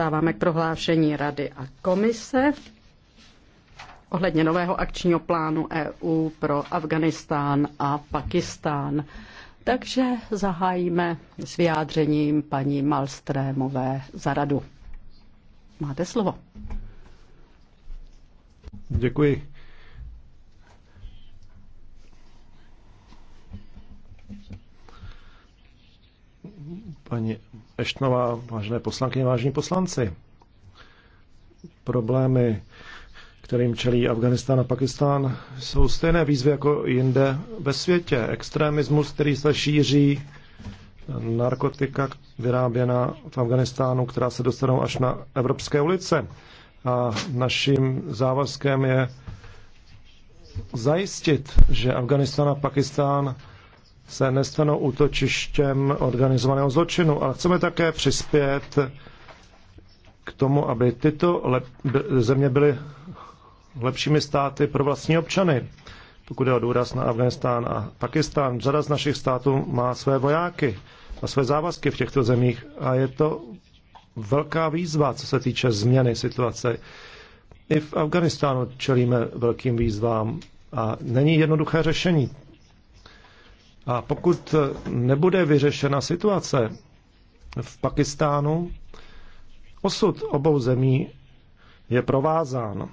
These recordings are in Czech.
dostáváme k prohlášení Rady a komise ohledně nového akčního plánu EU pro Afganistán a Pakistán. Takže zahájíme s vyjádřením paní Malstrémové za radu. Máte slovo. Děkuji. Paní Eštnová, vážené poslankyně, vážení poslanci. Problémy, kterým čelí Afganistán a Pakistán, jsou stejné výzvy jako jinde ve světě. Extremismus, který se šíří, narkotika vyráběna v Afganistánu, která se dostanou až na evropské ulice. A naším závazkem je zajistit, že Afganistán a Pakistán se nestanou útočištěm organizovaného zločinu, ale chceme také přispět k tomu, aby tyto lep, země byly lepšími státy pro vlastní občany. Pokud je o důraz na Afganistán a Pakistán, řada z našich států má své vojáky a své závazky v těchto zemích a je to velká výzva, co se týče změny situace. I v Afganistánu čelíme velkým výzvám a není jednoduché řešení a pokud nebude vyřešena situace v Pakistánu, osud obou zemí je provázán.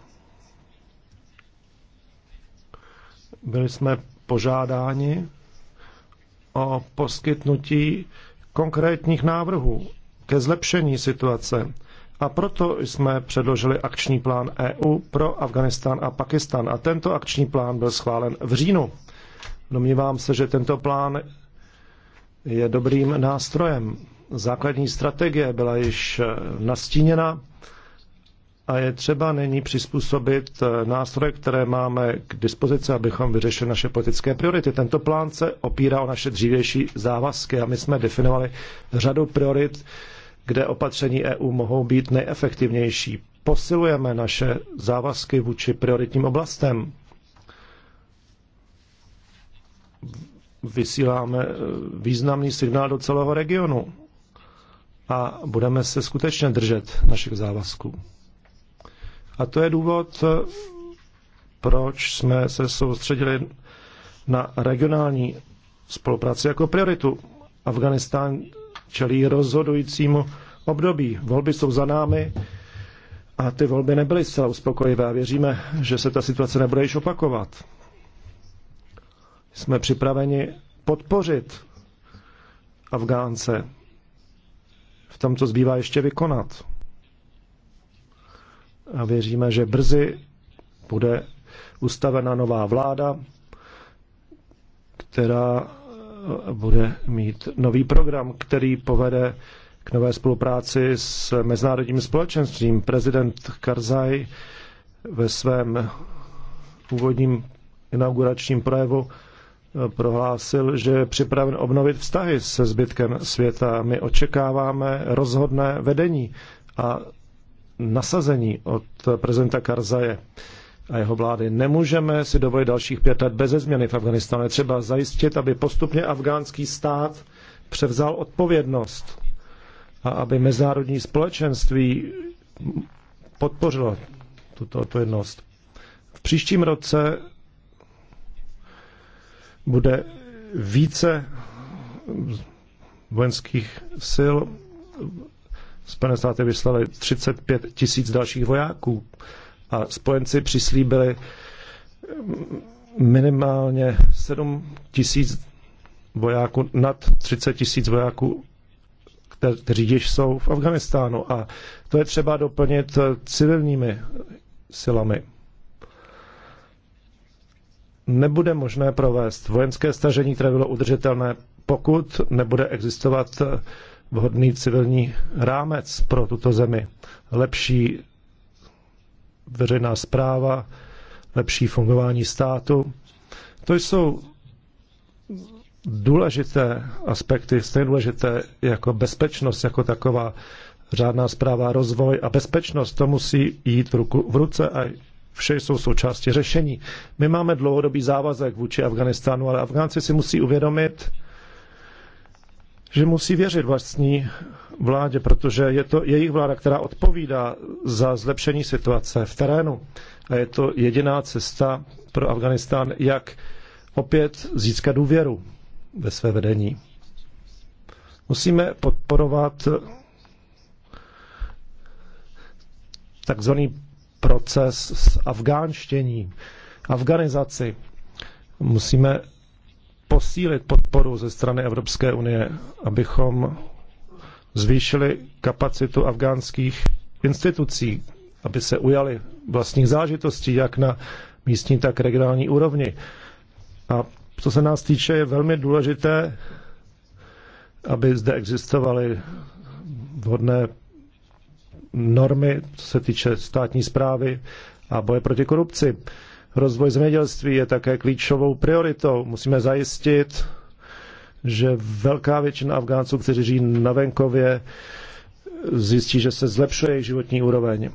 Byli jsme požádáni o poskytnutí konkrétních návrhů ke zlepšení situace. A proto jsme předložili akční plán EU pro Afganistán a Pakistan. A tento akční plán byl schválen v říjnu. Domnívám se, že tento plán je dobrým nástrojem. Základní strategie byla již eh, nastíněna a je třeba nyní přizpůsobit eh, nástroje, které máme k dispozici, abychom vyřešili naše politické priority. Tento plán se opírá o naše dřívější závazky a my jsme definovali řadu priorit, kde opatření EU mohou být nejefektivnější. Posilujeme naše závazky vůči prioritním oblastem vysíláme eh, významný signál do celého regionu a budeme se skutečně držet našich závazků. A to je důvod, eh, proč jsme se soustředili na regionální spolupráci jako prioritu. Afganistán čelí rozhodujícímu období. Volby jsou za námi a ty volby nebyly zcela uspokojivé. Věříme, že se ta situace nebude již opakovat. Jsme připraveni podpořit Afgánce v tom, co zbývá ještě vykonat. A věříme, že brzy bude ustavena nová vláda, která eh, bude mít nový program, který povede k nové spolupráci s mezinárodním společenstvím. Prezident Karzaj ve svém úvodním inauguračním projevu prohlásil, že je připraven obnovit vztahy se zbytkem světa. My očekáváme rozhodné vedení a nasazení od prezidenta Karzaje a jeho vlády. Nemůžeme si dovolit dalších pět let bez změny v Afganistánu. Je třeba zajistit, aby postupně afgánský stát převzal odpovědnost a aby mezinárodní společenství podpořilo tuto odpovědnost. V příštím roce bude více vojenských sil. Spojené státy vyslali 35 tisíc dalších vojáků a spojenci přislíbili minimálně 7 tisíc vojáků, nad 30 tisíc vojáků, kteří již jsou v Afganistánu. A to je třeba doplnit civilními silami nebude možné provést vojenské stažení, které bylo udržitelné, pokud nebude existovat vhodný civilní rámec pro tuto zemi. Lepší veřejná zpráva, lepší fungování státu. To jsou důležité aspekty, stejně důležité jako bezpečnost, jako taková řádná zpráva, rozvoj a bezpečnost, to musí jít v, ruku, v ruce a vše jsou součástí řešení. My máme dlouhodobý závazek vůči Afganistánu, ale Afgánci si musí uvědomit, že musí věřit vlastní vládě, protože je to jejich vláda, která odpovídá za zlepšení situace v terénu. A je to jediná cesta pro Afganistán, jak opět získat důvěru ve své vedení. Musíme podporovat takzvaný proces s afgánštěním, afganizaci. Musíme posílit podporu ze strany Evropské unie, abychom zvýšili kapacitu afgánských institucí, aby se ujali vlastních zážitostí, jak na místní, tak regionální úrovni. A co se nás týče, je velmi důležité, aby zde existovaly vhodné normy, co se týče státní zprávy a boje proti korupci. Rozvoj zemědělství je také klíčovou prioritou. Musíme zajistit, že velká většina Afgánců, kteří žijí na venkově, zjistí, že se zlepšuje jejich životní úroveň.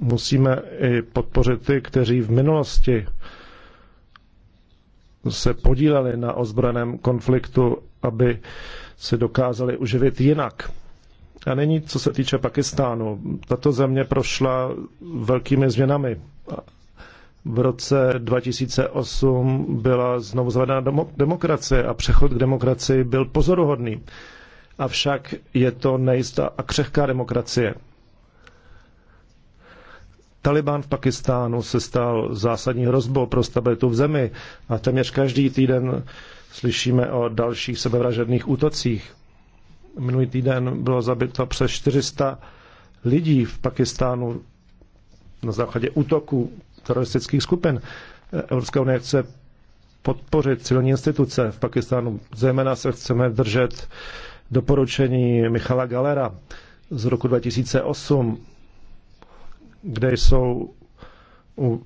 Musíme i podpořit ty, kteří v minulosti se podíleli na ozbrojeném konfliktu, aby se dokázali uživit jinak. A není, co se týče Pakistánu. Tato země prošla velkými změnami. V roce 2008 byla znovu zavedena demokracie a přechod k demokracii byl pozoruhodný. Avšak je to nejistá a křehká demokracie. Taliban v Pakistánu se stal zásadní hrozbou pro stabilitu v zemi a téměř každý týden slyšíme o dalších sebevražedných útocích. Minulý týden bylo zabito přes 400 lidí v Pakistánu na základě útoků teroristických skupin. Evropská unie chce podpořit civilní instituce v Pakistánu. Zejména se chceme držet doporučení Michala Galera z roku 2008 kde, jsou,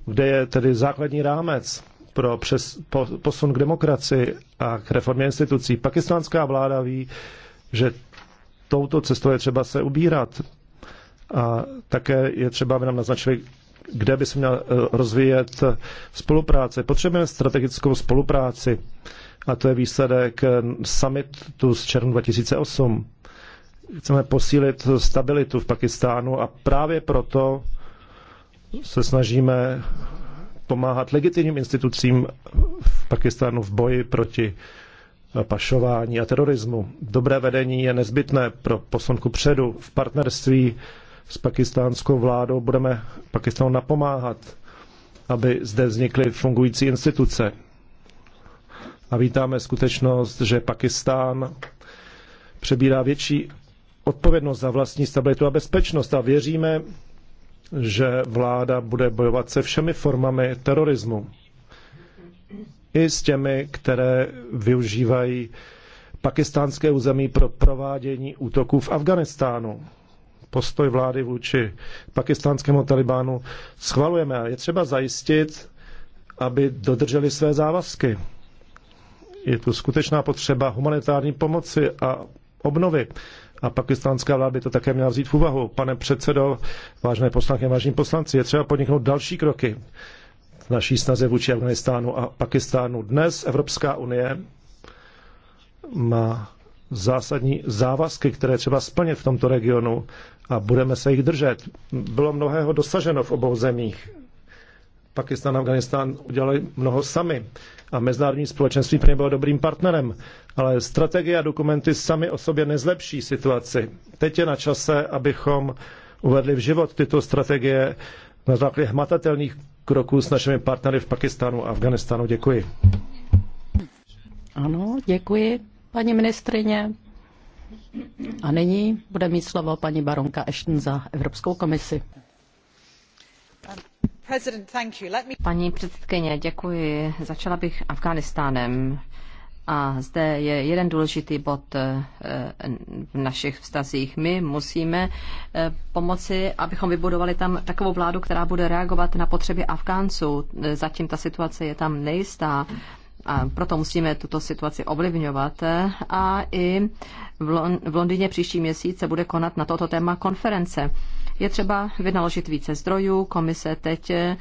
kde je tedy základní rámec pro přes, po, posun k demokracii a k reformě institucí. Pakistánská vláda ví, že touto cestou je třeba se ubírat. A také je třeba, aby nám naznačili, kde by se měla eh, rozvíjet spolupráce. Potřebujeme strategickou spolupráci a to je výsledek eh, summitu z června 2008. Chceme posílit stabilitu v Pakistánu a právě proto se snažíme pomáhat legitimním institucím v Pakistánu v boji proti pašování a terorismu. Dobré vedení je nezbytné pro posunku předu. V partnerství s pakistánskou vládou budeme Pakistánu napomáhat, aby zde vznikly fungující instituce. A vítáme skutečnost, že Pakistán přebírá větší odpovědnost za vlastní stabilitu a bezpečnost a věříme, že vláda bude bojovat se všemi formami terorismu. I s těmi, které využívají pakistánské území pro provádění útoků v Afganistánu. Postoj vlády vůči pakistánskému talibánu schvalujeme. Je třeba zajistit, aby dodrželi své závazky. Je tu skutečná potřeba humanitární pomoci a obnovy a pakistánská vláda by to také měla vzít v úvahu. Pane předsedo, vážné poslanky, vážní poslanci, je třeba podniknout další kroky v naší snaze vůči Afganistánu a Pakistánu. Dnes Evropská unie má zásadní závazky, které třeba splnit v tomto regionu a budeme se jich držet. Bylo mnohého dosaženo v obou zemích Pakistan a Afganistán udělali mnoho sami a mezinárodní společenství pro ně bylo dobrým partnerem. Ale strategie a dokumenty sami o sobě nezlepší situaci. Teď je na čase, abychom uvedli v život tyto strategie na základě hmatatelných kroků s našimi partnery v Pakistánu a Afganistánu. Děkuji. Ano, děkuji, paní ministrině. A nyní bude mít slovo paní baronka Ashton za Evropskou komisi. Paní předsedkyně, děkuji. Začala bych Afghánistánem. A zde je jeden důležitý bod eh, v našich vztazích. My musíme eh, pomoci, abychom vybudovali tam takovou vládu, která bude reagovat na potřeby Afgánců. Eh, zatím ta situace je tam nejistá. A proto musíme tuto situaci ovlivňovat. A i v Londýně příští měsíc se bude konat na toto téma konference. Je třeba vynaložit více zdrojů. Komise teď eh,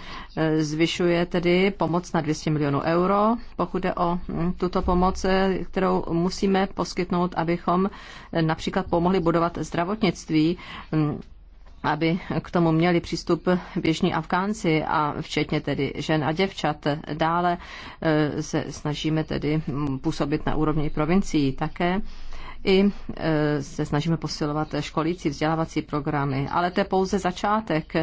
zvyšuje tedy pomoc na 200 milionů euro, pokud jde o hm, tuto pomoc, eh, kterou musíme poskytnout, abychom eh, například pomohli budovat zdravotnictví hm, aby k tomu měli přístup běžní Afgánci a včetně tedy žen a děvčat. Dále se snažíme tedy hm, působit na úrovni provincií také i e, se snažíme posilovat školící vzdělávací programy. Ale to je pouze začátek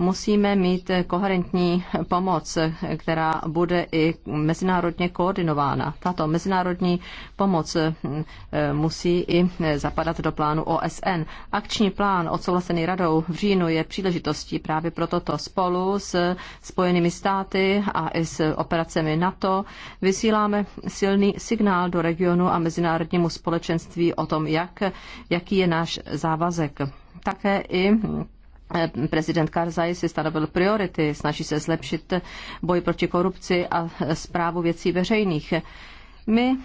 musíme mít koherentní pomoc, která bude i mezinárodně koordinována. Tato mezinárodní pomoc eh, musí i zapadat do plánu OSN. Akční plán odsouhlasený radou v říjnu je příležitostí právě pro toto spolu s Spojenými státy a i s operacemi NATO. Vysíláme silný signál do regionu a mezinárodnímu společenství o tom, jak, jaký je náš závazek. Také i Eh, prezident Karzaj si stanovil priority, snaží se zlepšit boj proti korupci a zprávu věcí veřejných. My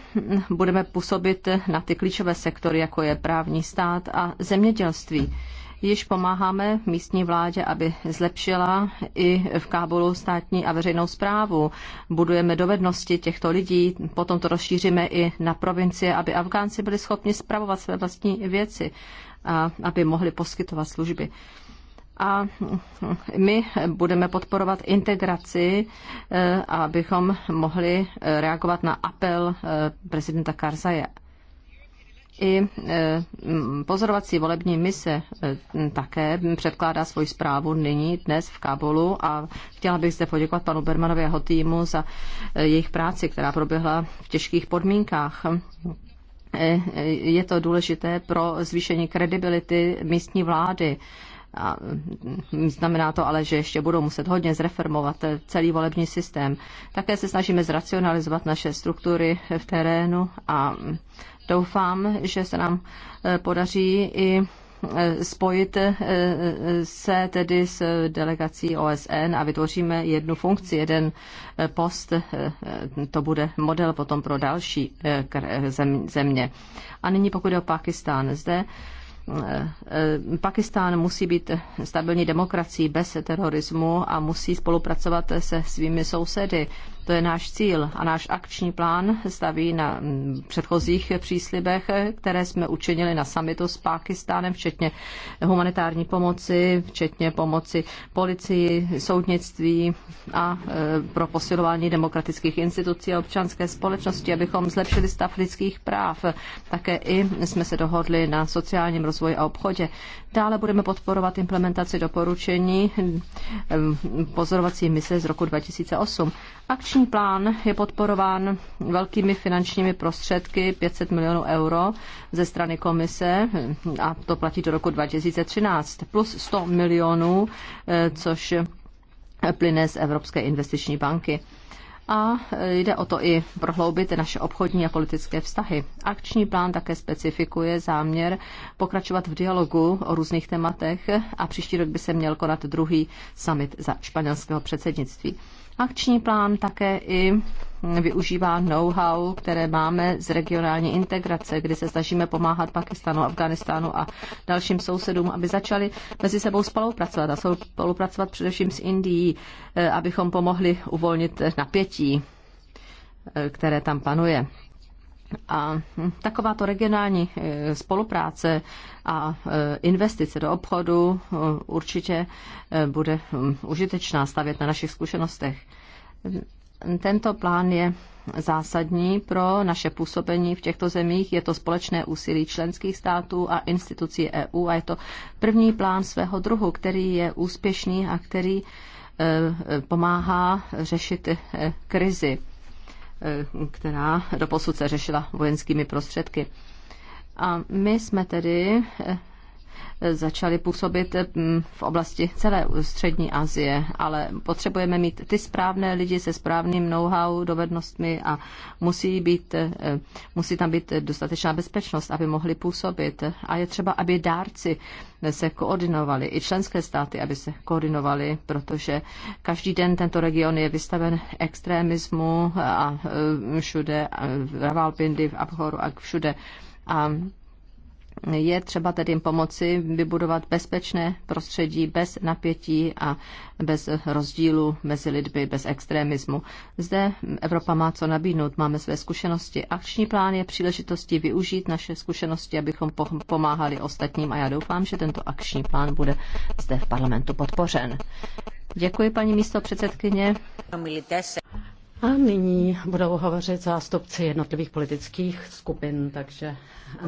budeme působit na ty klíčové sektory, jako je právní stát a zemědělství. Již pomáháme místní vládě, aby zlepšila i v Kábulu státní a veřejnou zprávu. Budujeme dovednosti těchto lidí, potom to rozšíříme i na provincie, aby Afgánci byli schopni spravovat své vlastní věci a aby mohli poskytovat služby a my budeme podporovat integraci, eh, abychom mohli eh, reagovat na apel eh, prezidenta Karzaje. I pozorovací volební mise také předkládá svoji zprávu nyní, dnes v Kabulu a chtěla bych zde poděkovat panu Bermanovi a jeho týmu za jejich práci, která proběhla v těžkých podmínkách je to důležité pro zvýšení kredibility místní vlády a mm, znamená to ale, že ještě budou muset hodně zreformovat eh, celý volební systém. Také se snažíme zracionalizovat naše struktury v terénu a mm, doufám, že se nám eh, podaří i eh, spojit se tedy s delegací OSN a vytvoříme jednu funkci, jeden post, to bude model potom pro další země. A nyní pokud je o Pakistán, zde Eh, eh, Pakistán musí být stabilní demokracií bez terorismu a musí spolupracovat se svými sousedy. To je náš cíl a náš akční plán staví na mm, předchozích příslibech, které jsme učinili na samitu s Pákistánem, včetně humanitární pomoci, včetně pomoci policii, soudnictví a e, pro posilování demokratických institucí a občanské společnosti, abychom zlepšili stav lidských práv. Také i jsme se dohodli na sociálním rozvoji a obchodě. Dále budeme podporovat implementaci doporučení mm, pozorovací mise z roku 2008. Akční plán je podporován velkými finančními prostředky 500 milionů euro ze strany komise a to platí do roku 2013 plus 100 milionů, eh, což plyne z Evropské investiční banky a jde o to i prohloubit naše obchodní a politické vztahy. Akční plán také specifikuje záměr pokračovat v dialogu o různých tématech a příští rok by se měl konat druhý summit za španělského předsednictví. Akční plán také i využívá know-how, které máme z regionální integrace, kdy se snažíme pomáhat Pakistanu, Afganistánu a dalším sousedům, aby začali mezi sebou spolupracovat a spolupracovat především s Indií, eh, abychom pomohli uvolnit napětí, eh, které tam panuje. A takováto regionální e, spolupráce a e, investice do obchodu e, určitě bude užitečná stavět na našich zkušenostech. Tento plán je zásadní pro naše působení v těchto zemích. Je to společné úsilí členských států a institucí EU a je to první plán svého druhu, který je úspěšný a který pomáhá řešit krizi Eh, která doposud se řešila vojenskými prostředky. A my jsme tedy eh, začali působit mm, v oblasti celé střední Asie, ale potřebujeme mít ty správné lidi se správným know-how, dovednostmi a musí, být, eh, musí tam být dostatečná bezpečnost, aby mohli působit. A je třeba, aby dárci se koordinovali, i členské státy, aby se koordinovali, protože každý den tento region je vystaven extremismu a eh, všude, eh, v Ravalpindi, v Abhoru a všude. A je třeba tedy pomoci vybudovat bezpečné prostředí bez napětí a bez rozdílu mezi lidmi, bez extremismu. Zde Evropa má co nabídnout, máme své zkušenosti. Akční plán je příležitosti využít naše zkušenosti, abychom pomáhali ostatním a já doufám, že tento akční plán bude zde v parlamentu podpořen. Děkuji, paní místo předsedkyně. A nyní budou hovořit zástupci jednotlivých politických skupin, takže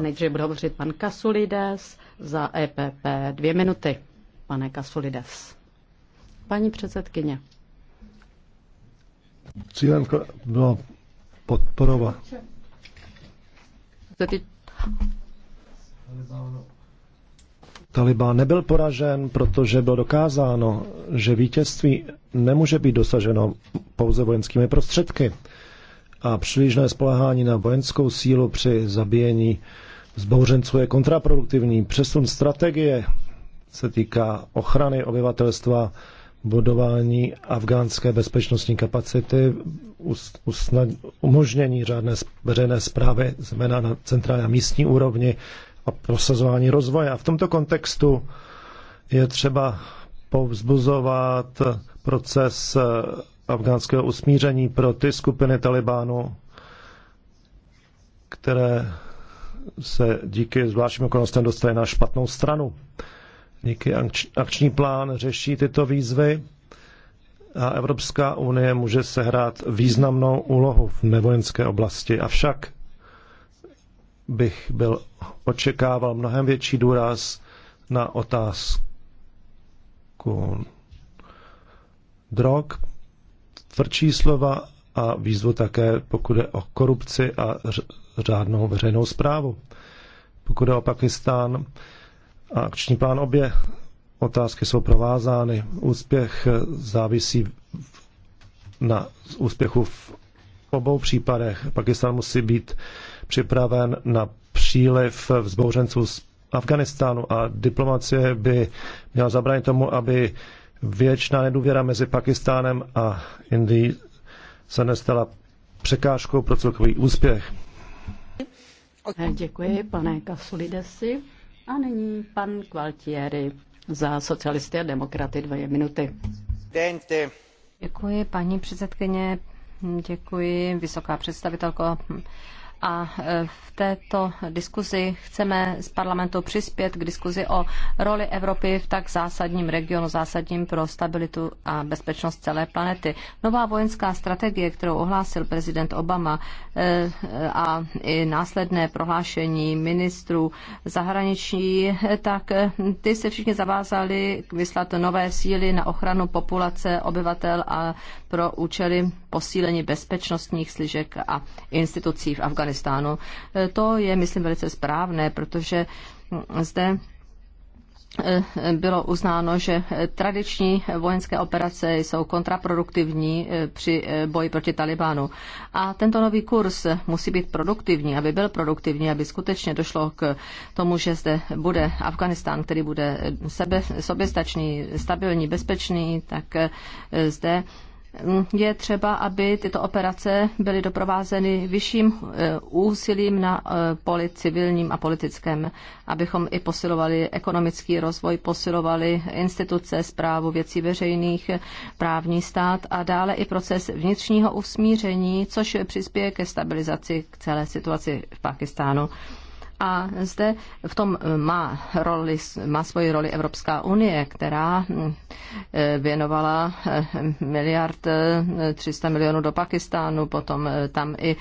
nejdřív bude hovořit pan Kasulides za EPP. Dvě minuty, pane Kasulides. Paní předsedkyně. Cílem byla podporovat. Taliban nebyl poražen, protože bylo dokázáno, že vítězství nemůže být dosaženo pouze vojenskými prostředky. A přílišné spolehání na vojenskou sílu při zabíjení zbouřenců je kontraproduktivní. Přesun strategie se týká ochrany obyvatelstva, budování afgánské bezpečnostní kapacity, usnad, umožnění řádné veřejné zprávy, zejména na centrální a místní úrovni a prosazování rozvoje. A v tomto kontextu je třeba povzbuzovat proces eh, afgánského usmíření pro ty skupiny Talibánu, které se díky zvláštním okolnostem dostaly na špatnou stranu. Díky akční plán řeší tyto výzvy a Evropská unie může sehrát významnou úlohu v nevojenské oblasti. Avšak bych byl očekával mnohem větší důraz na otázku drog, tvrdší slova a výzvu také, pokud je o korupci a řádnou veřejnou zprávu. Pokud je o Pakistán a akční plán obě, otázky jsou provázány. Úspěch závisí na úspěchu v obou případech. Pakistán musí být připraven na příliv vzbouřenců z Afganistánu a diplomacie by měla zabránit tomu, aby věčná nedůvěra mezi Pakistánem a Indií se nestala překážkou pro celkový úspěch. Eh, děkuji, pane Kasulidesi. A nyní pan Kvaltieri za socialisty a demokraty dvě minuty. Děkuji, paní předsedkyně. Děkuji, vysoká představitelko a e, v této diskuzi chceme z parlamentu přispět k diskuzi o roli Evropy v tak zásadním regionu, zásadním pro stabilitu a bezpečnost celé planety. Nová vojenská strategie, kterou ohlásil prezident Obama e, a i následné prohlášení ministrů zahraničí, e, tak ty se všichni zavázali vyslat nové síly na ochranu populace obyvatel a pro účely posílení bezpečnostních sližek a institucí v Afganistánu. Afganistánu. Eh, to je, myslím, velice správné, protože hm, zde eh, bylo uznáno, že eh, tradiční vojenské operace jsou kontraproduktivní při boji proti Talibánu. A tento nový kurz musí být produktivní, aby byl produktivní, aby skutečně došlo k tomu, že zde bude Afganistán, který bude sebe, soběstačný, stabilní, bezpečný, tak zde je třeba, aby tyto operace byly doprovázeny vyšším eh, úsilím na eh, poli civilním a politickém, abychom i posilovali ekonomický rozvoj, posilovali instituce, zprávu věcí veřejných, právní stát a dále i proces vnitřního usmíření, což přispěje ke stabilizaci k celé situaci v Pakistánu. A zde v tom má, roli, má svoji roli Evropská unie, která hm, eh, věnovala hm, miliard 300 eh, milionů do Pakistánu, potom eh, tam i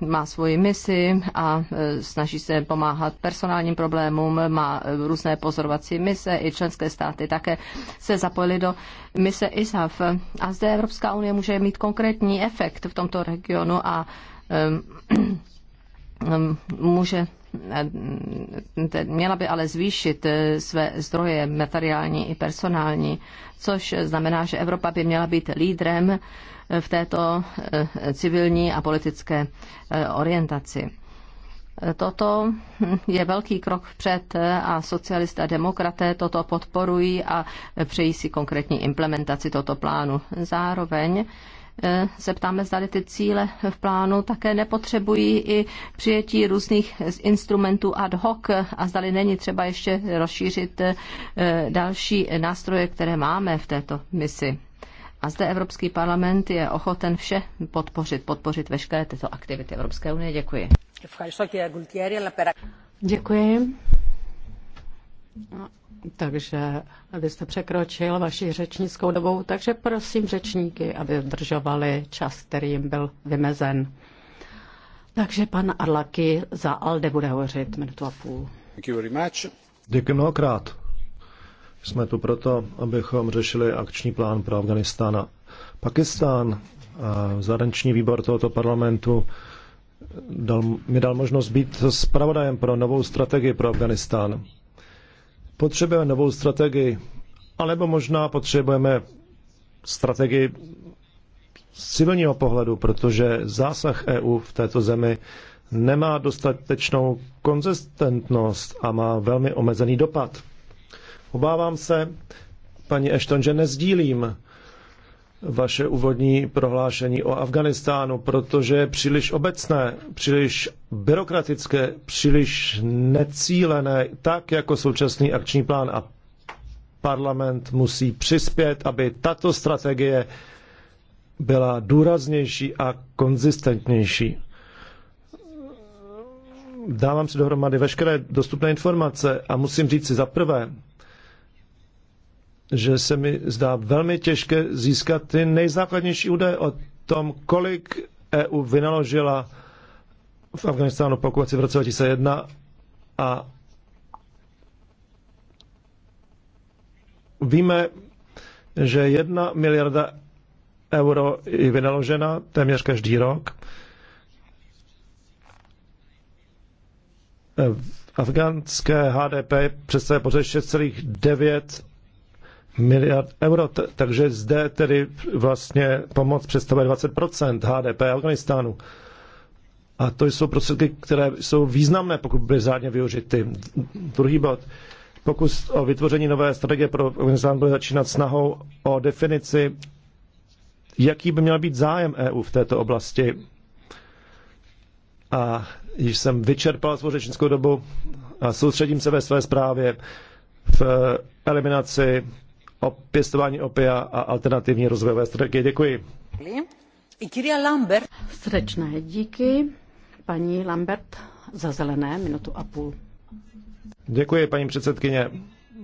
má svoji misi a snaží se pomáhat personálním problémům, má různé pozorovací mise, i členské státy také se zapojily do mise ISAF. A zde Evropská unie může mít konkrétní efekt v tomto regionu a hm, Ehm, může eh, měla by ale zvýšit eh, své zdroje materiální i personální, což znamená, že Evropa by měla být lídrem eh, v této civilní a politické orientaci. Toto je velký krok vpřed a socialisté a demokraté toto podporují a přejí si konkrétní implementaci tohoto plánu. Zároveň se eh, ptáme, zda ty cíle v plánu také nepotřebují i přijetí různých instrumentů ad hoc a zda není třeba ještě rozšířit eh, další nástroje, které máme v této misi. A zde Evropský parlament je ochoten vše podpořit, podpořit veškeré tyto aktivity Evropské unie. Děkuji. Děkuji. Takže abyste jste překročil vaši řečnickou dobu, takže prosím řečníky, aby držovali čas, který jim byl vymezen. Takže pan Arlaky za Alde bude hovořit minutu a půl. Děkuji mnohokrát. Jsme tu proto, abychom řešili akční plán pro Afganistán a Pakistán. A zahraniční výbor tohoto parlamentu dal, mi dal možnost být zpravodajem pro novou strategii pro Afganistán Potřebujeme novou strategii, alebo možná potřebujeme strategii z civilního pohledu, protože zásah EU v této zemi nemá dostatečnou konzistentnost a má velmi omezený dopad. Obávám se, paní Ešton, že nezdílím vaše úvodní prohlášení o Afganistánu, protože je příliš obecné, příliš byrokratické, příliš necílené, tak jako současný akční plán a parlament musí přispět, aby tato strategie byla důraznější a konzistentnější. Dávám si dohromady veškeré dostupné informace a musím říct si za prvé, že se mi zdá velmi těžké získat ty nejzákladnější údaje o tom, kolik EU vynaložila v Afganistánu po okupaci v roce 2001 a víme, že jedna miliarda euro je vynaložena téměř každý rok. Afgánské HDP představuje pořád 6,9 miliard euro. Takže zde tedy vlastně pomoc představuje 20% HDP Afganistánu. A to jsou prostředky, které jsou významné, pokud byly řádně využity. Druhý bod. Pokus o vytvoření nové strategie pro Afganistán bude začínat snahou o definici, jaký by měl být zájem EU v této oblasti. A již jsem vyčerpal svou řečnickou dobu a soustředím se ve své zprávě v eh, eliminaci o pěstování opia a alternativní rozvojové strategie. Děkuji. Srdečné díky. Paní Lambert za zelené minutu a půl. Děkuji, paní předsedkyně.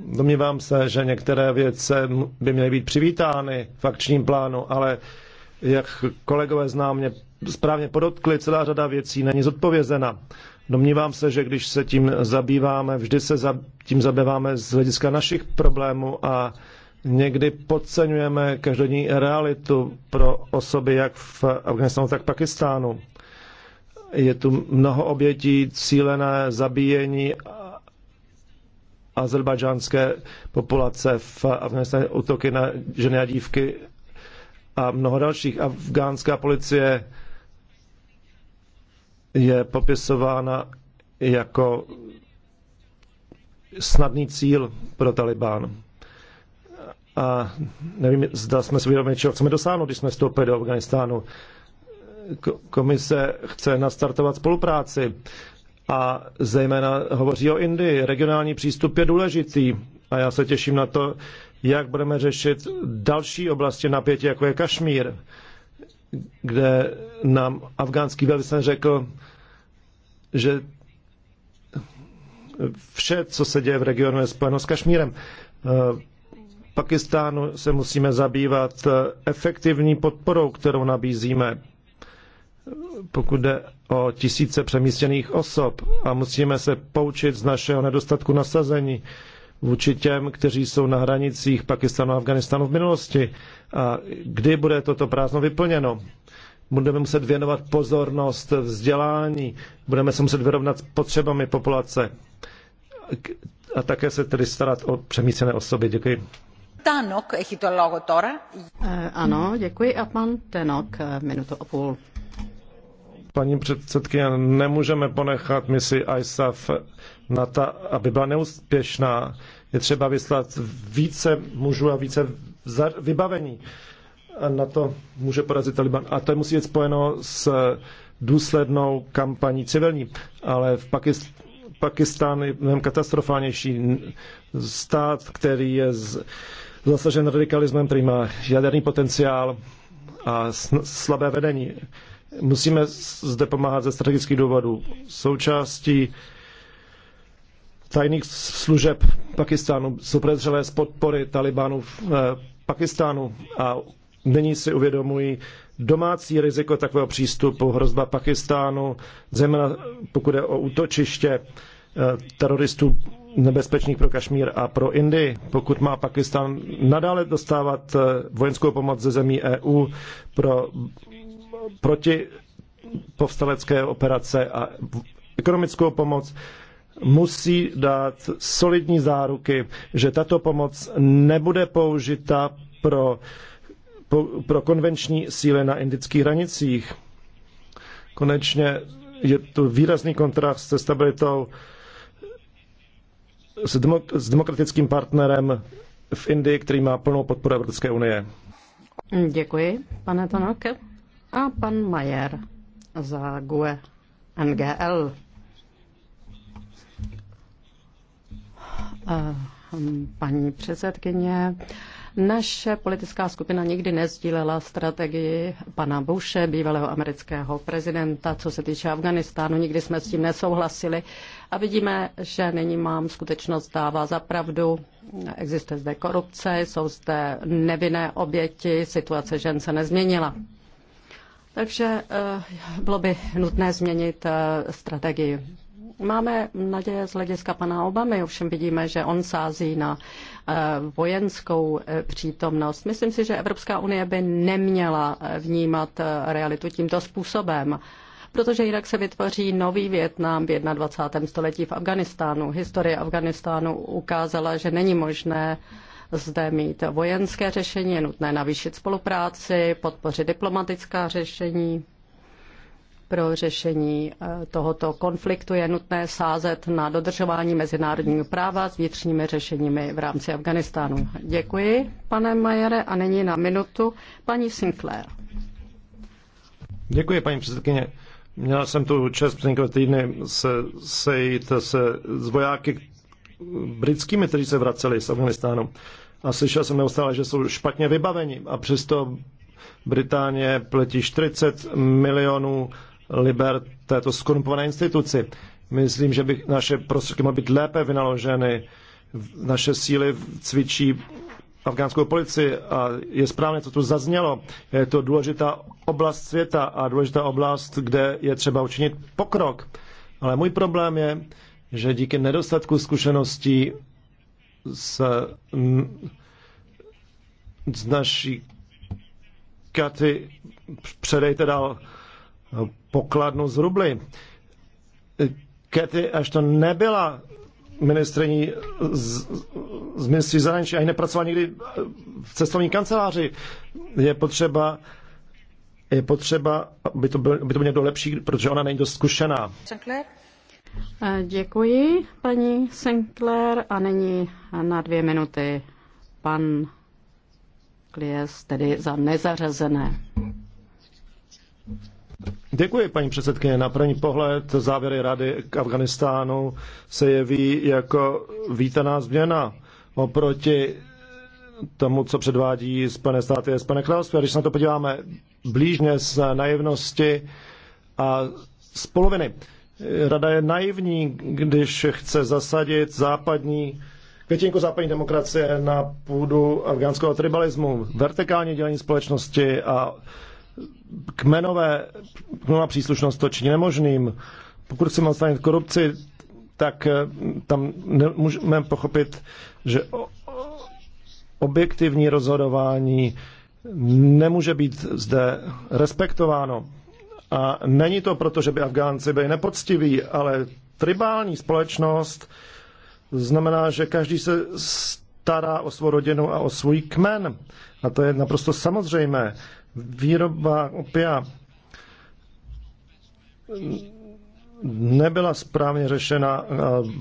Domnívám se, že některé věce by měly být přivítány v akčním plánu, ale jak kolegové známě správně podotkli, celá řada věcí není zodpovězena. Domnívám se, že když se tím zabýváme, vždy se tím zabýváme z hlediska našich problémů a Někdy podceňujeme každodenní realitu pro osoby jak v Afganistánu, tak v Pakistánu. Je tu mnoho obětí, cílené zabíjení azerbajdžánské populace v Afganistánu, útoky na ženy a dívky a mnoho dalších. Afgánská policie je popisována jako snadný cíl pro Talibán. A nevím, zda jsme si vědomi, čeho chceme dosáhnout, když jsme vstoupili do Afganistánu. Komise chce nastartovat spolupráci a zejména hovoří o Indii. Regionální přístup je důležitý a já se těším na to, jak budeme řešit další oblasti napětí, jako je Kašmír, kde nám afgánský velvyslanec řekl, že vše, co se děje v regionu, je spojeno s Kašmírem. Pakistánu se musíme zabývat eh, efektivní podporou, kterou nabízíme, pokud jde o tisíce přemístěných osob a musíme se poučit z našeho nedostatku nasazení vůči těm, kteří jsou na hranicích Pakistanu a Afganistanu v minulosti. A kdy bude toto prázdno vyplněno? Budeme muset věnovat pozornost vzdělání, budeme se muset vyrovnat s potřebami populace a také se tedy starat o přemístěné osoby. Děkuji. Ano, děkuji a pan Tenok, e, minutu a půl. Paní předsedkyně, nemůžeme ponechat misi ISAF na ta, aby byla neúspěšná. Je třeba vyslat více mužů a více vybavení. A na to může porazit Taliban. A to musí být spojeno s důslednou kampaní civilní. Ale v Pakistánu je mnohem katastrofálnější stát, který je z, zasažen radikalismem, který má jaderný potenciál a slabé vedení. Musíme zde pomáhat ze strategických důvodů. Součástí tajných služeb Pakistánu jsou prezřelé z podpory Talibánu v eh, Pakistánu a nyní si uvědomují domácí riziko takového přístupu, hrozba Pakistánu, zejména pokud je o útočiště eh, teroristů nebezpečných pro Kašmír a pro Indii. Pokud má Pakistan nadále dostávat eh, vojenskou pomoc ze zemí EU pro, proti povstalecké operace a ekonomickou pomoc, musí dát solidní záruky, že tato pomoc nebude použita pro, pro konvenční síly na indických hranicích. Konečně je tu výrazný kontrast se stabilitou s, demok- s demokratickým partnerem v Indii, který má plnou podporu Evropské unie. Děkuji, pane Tanoke, A pan Majer za GUE NGL. Eh, paní předsedkyně, naše politická skupina nikdy nezdílela strategii pana Bushe, bývalého amerického prezidenta, co se týče Afganistánu, nikdy jsme s tím nesouhlasili a vidíme, že nyní mám skutečnost dává za pravdu. Existuje zde korupce, jsou zde nevinné oběti, situace žen se nezměnila. Takže eh, bylo by nutné změnit eh, strategii. Máme naděje z hlediska pana Obamy, ovšem vidíme, že on sází na eh, vojenskou eh, přítomnost. Myslím si, že Evropská unie by neměla eh, vnímat realitu tímto způsobem protože jinak se vytvoří nový Větnam v 21. století v Afganistánu. Historie Afganistánu ukázala, že není možné zde mít vojenské řešení, je nutné navýšit spolupráci, podpořit diplomatická řešení pro řešení eh, tohoto konfliktu je nutné sázet na dodržování mezinárodního práva s vnitřními řešeními v rámci Afganistánu. Děkuji, pane Majere, a nyní na minutu paní Sinclair. Děkuji, paní předsedkyně. Měla jsem tu čest před několika týdny se sejít se s vojáky britskými, kteří se vraceli z Afganistánu. A slyšel jsem neustále, že jsou špatně vybaveni a přesto Británie platí 40 milionů liber této skorumpované instituci. Myslím, že by naše prostředky mohly být lépe vynaloženy. Naše síly cvičí afgánskou policii a je správně, co tu zaznělo. Je to důležitá oblast světa a důležitá oblast, kde je třeba učinit pokrok. Ale můj problém je, že díky nedostatku zkušeností s z naší Katy předejte dál pokladnu z rubly. až to nebyla ministrní z, z ministří zahraničí ani nepracovala nikdy v cestovní kanceláři. Je potřeba je potřeba, aby to byl, aby to byl někdo lepší, protože ona není dost zkušená. Sinclair. Eh, děkuji, paní Sinclair. A nyní na dvě minuty pan Klies, tedy za nezařazené. Děkuji, paní předsedkyně. Na první pohled závěry rady k Afganistánu se jeví jako vítaná změna oproti tomu, co předvádí Spojené státy a Spojené království. A když se na to podíváme blížně z naivnosti a z poloviny. Rada je naivní, když chce zasadit západní květinku západní demokracie na půdu afgánského tribalismu, vertikální dělení společnosti a kmenové, kmenová příslušnost to činí nemožným. Pokud chceme odstranit korupci, tak eh, tam můžeme pochopit, že objektivní rozhodování nemůže být zde respektováno. A není to proto, že by Afgánci byli nepoctiví, ale tribální společnost znamená, že každý se stará o svou rodinu a o svůj kmen. A to je naprosto samozřejmé výroba opia nebyla správně řešena.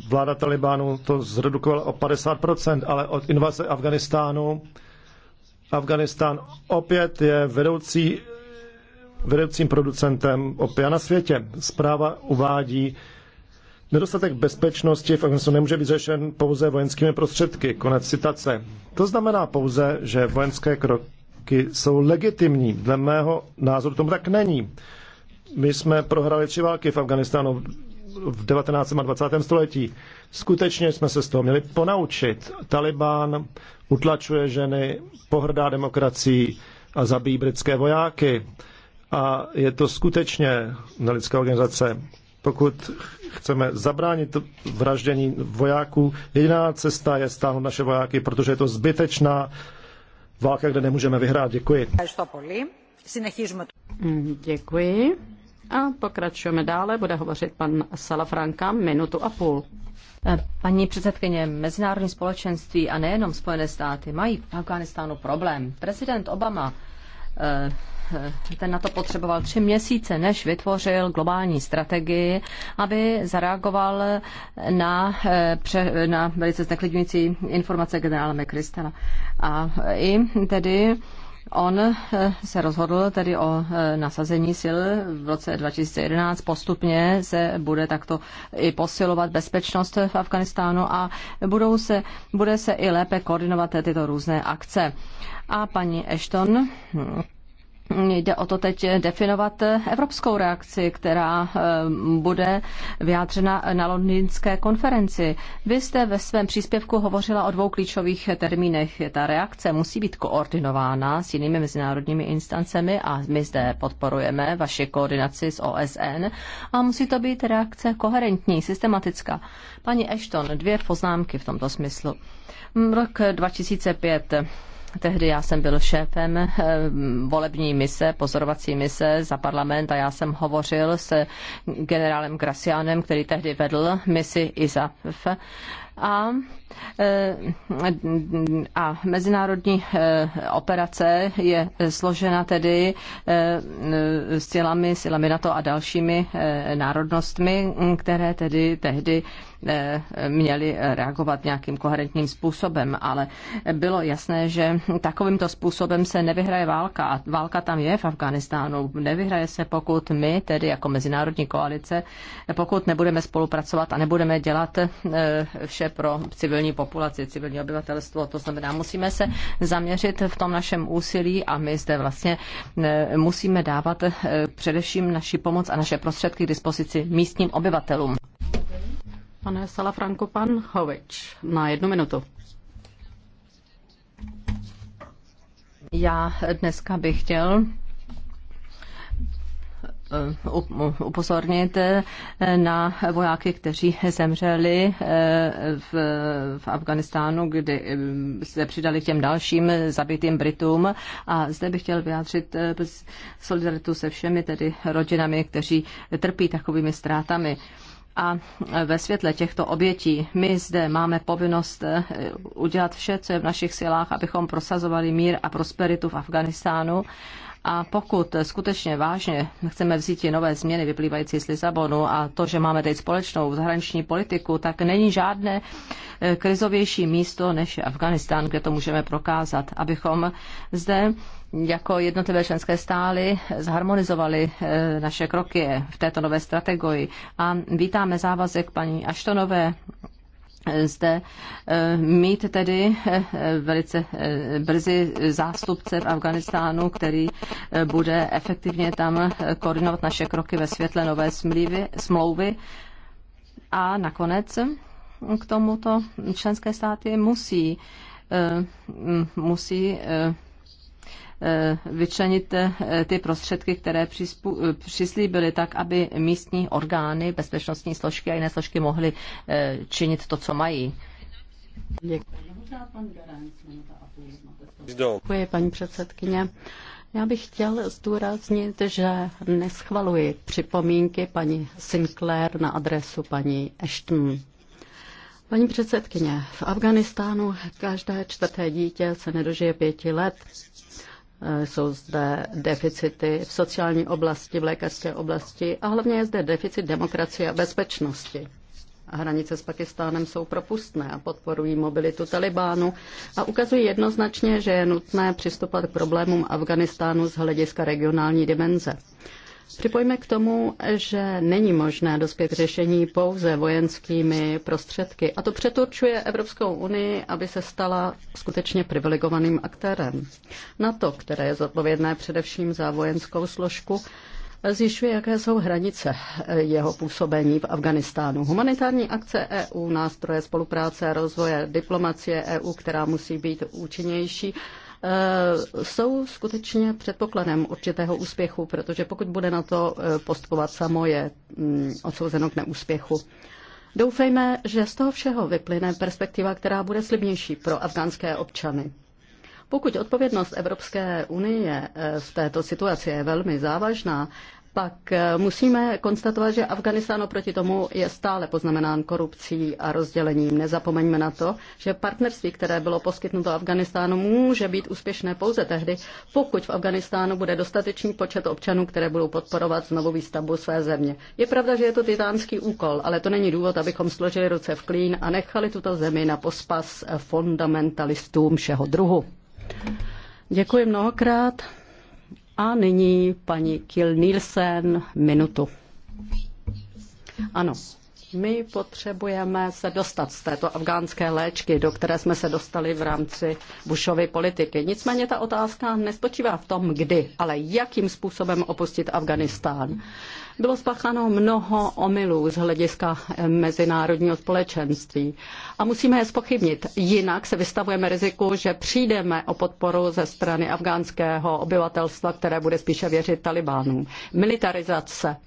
Vláda Talibánu to zredukovala o 50%, ale od invaze Afganistánu Afganistán opět je vedoucí, vedoucím producentem opia na světě. Zpráva uvádí, Nedostatek bezpečnosti v Afganistánu nemůže být řešen pouze vojenskými prostředky. Konec citace. To znamená pouze, že vojenské kroky požadavky jsou legitimní. Dle mého názoru tomu tak není. My jsme prohrali tři války v Afganistánu v 19. a 20. století. Skutečně jsme se z toho měli ponaučit. Taliban utlačuje ženy, pohrdá demokracií a zabíjí britské vojáky. A je to skutečně lidské organizace. Pokud chceme zabránit vraždění vojáků, jediná cesta je stáhnout naše vojáky, protože je to zbytečná válka, kde nemůžeme vyhrát. Děkuji. Mm, děkuji. A pokračujeme dále. Bude hovořit pan Salafranka minutu a půl. Eh, paní předsedkyně, mezinárodní společenství a nejenom Spojené státy mají v Afganistánu problém. Prezident Obama Eh, ten na to potřeboval tři měsíce, než vytvořil globální strategii, aby zareagoval na, eh, pře, na velice zneklidňující informace generála McChrystala. A i tedy On eh, se rozhodl tedy o eh, nasazení sil v roce 2011. Postupně se bude takto i posilovat bezpečnost v Afganistánu a budou se, bude se i lépe koordinovat tyto různé akce. A paní Ashton hm, Jde o to teď definovat evropskou reakci, která eh, bude vyjádřena na londýnské konferenci. Vy jste ve svém příspěvku hovořila o dvou klíčových termínech. Ta reakce musí být koordinována s jinými mezinárodními instancemi a my zde podporujeme vaši koordinaci s OSN a musí to být reakce koherentní, systematická. Paní Ashton, dvě poznámky v tomto smyslu. Rok 2005 Tehdy já jsem byl šéfem eh, volební mise, pozorovací mise za parlament a já jsem hovořil s generálem Grasianem, který tehdy vedl misi ISAF a, eh, a mezinárodní eh, operace je složena tedy silami, silami NATO a dalšími národnostmi, které tedy tehdy Eh, měli reagovat nějakým koherentním způsobem, ale bylo jasné, že takovýmto způsobem se nevyhraje válka. A válka tam je v Afganistánu. Nevyhraje se, pokud my, tedy jako mezinárodní koalice, pokud nebudeme spolupracovat a nebudeme dělat eh, vše pro civilní populaci, civilní obyvatelstvo. To znamená, musíme se zaměřit v tom našem úsilí a my zde vlastně eh, musíme dávat především naši pomoc a naše prostředky k dispozici místním obyvatelům. Pane Salafranko, pan Hovič, na jednu minutu. Já dneska bych chtěl eh, upozornit eh, na vojáky, kteří zemřeli eh, v, v Afganistánu, kdy se přidali k těm dalším zabitým Britům. A zde bych chtěl vyjádřit solidaritu se všemi tedy rodinami, kteří trpí takovými ztrátami. A ve světle těchto obětí my zde máme povinnost eh, udělat vše, co je v našich silách, abychom prosazovali mír a prosperitu v Afganistánu a pokud skutečně vážně chceme vzít nové změny vyplývající z Lisabonu a to, že máme teď společnou zahraniční politiku, tak není žádné eh, krizovější místo než Afganistán, kde to můžeme prokázat, abychom zde jako jednotlivé členské stály zharmonizovali eh, naše kroky v této nové strategii. A vítáme závazek paní Aštonové zde eh, mít tedy eh, velice eh, brzy zástupce v Afganistánu, který bude efektivně tam koordinovat naše kroky ve světle nové smlívy, smlouvy. A nakonec k tomuto členské státy musí musí Eh, vyčlenit eh, ty prostředky, které eh, přislíbily, tak aby místní orgány, bezpečnostní složky a jiné složky mohly činit to, co mají. Děkuji, paní předsedkyně. Já bych chtěl zdůraznit, že neschvaluji připomínky paní Sinclair na adresu paní Ashton. Paní předsedkyně, v Afganistánu každé čtvrté dítě se nedožije pěti let. Eh, jsou zde deficity v sociální oblasti, v lékařské oblasti a hlavně je zde deficit demokracie a bezpečnosti. A hranice s Pakistánem jsou propustné a podporují mobilitu Talibánu a ukazují jednoznačně, že je nutné přistupovat k problémům Afganistánu z hlediska regionální dimenze. Připojme k tomu, že není možné dospět řešení pouze vojenskými prostředky. A to přeturčuje Evropskou unii, aby se stala skutečně privilegovaným aktérem. to, které je zodpovědné především za vojenskou složku, zjišťuje, jaké jsou hranice jeho působení v Afganistánu. Humanitární akce EU, nástroje spolupráce rozvoje diplomacie EU, která musí být účinnější, Eh, jsou skutečně předpokladem určitého úspěchu, protože pokud bude na to eh, postkovat samo, je mm, odsouzeno k neúspěchu. Doufejme, že z toho všeho vyplyne perspektiva, která bude slibnější pro afgánské občany. Pokud odpovědnost Evropské unie eh, v této situaci je velmi závažná pak eh, musíme konstatovat, že Afganistán oproti tomu je stále poznamenán korupcí a rozdělením. Nezapomeňme na to, že partnerství, které bylo poskytnuto Afganistánu, může být úspěšné pouze tehdy, pokud v Afganistánu bude dostatečný počet občanů, které budou podporovat znovu výstavbu své země. Je pravda, že je to titánský úkol, ale to není důvod, abychom složili ruce v klín a nechali tuto zemi na pospas fundamentalistům všeho druhu. Děkuji mnohokrát. A nyní paní Kil Nielsen minutu. Ano, my potřebujeme se dostat z této afgánské léčky, do které jsme se dostali v rámci Bushovy politiky. Nicméně ta otázka nespočívá v tom, kdy, ale jakým způsobem opustit Afganistán. Bylo spáchano mnoho omylů z hlediska eh, mezinárodního společenství a musíme je spochybnit. Jinak se vystavujeme riziku, že přijdeme o podporu ze strany afgánského obyvatelstva, které bude spíše věřit Talibánům. Militarizace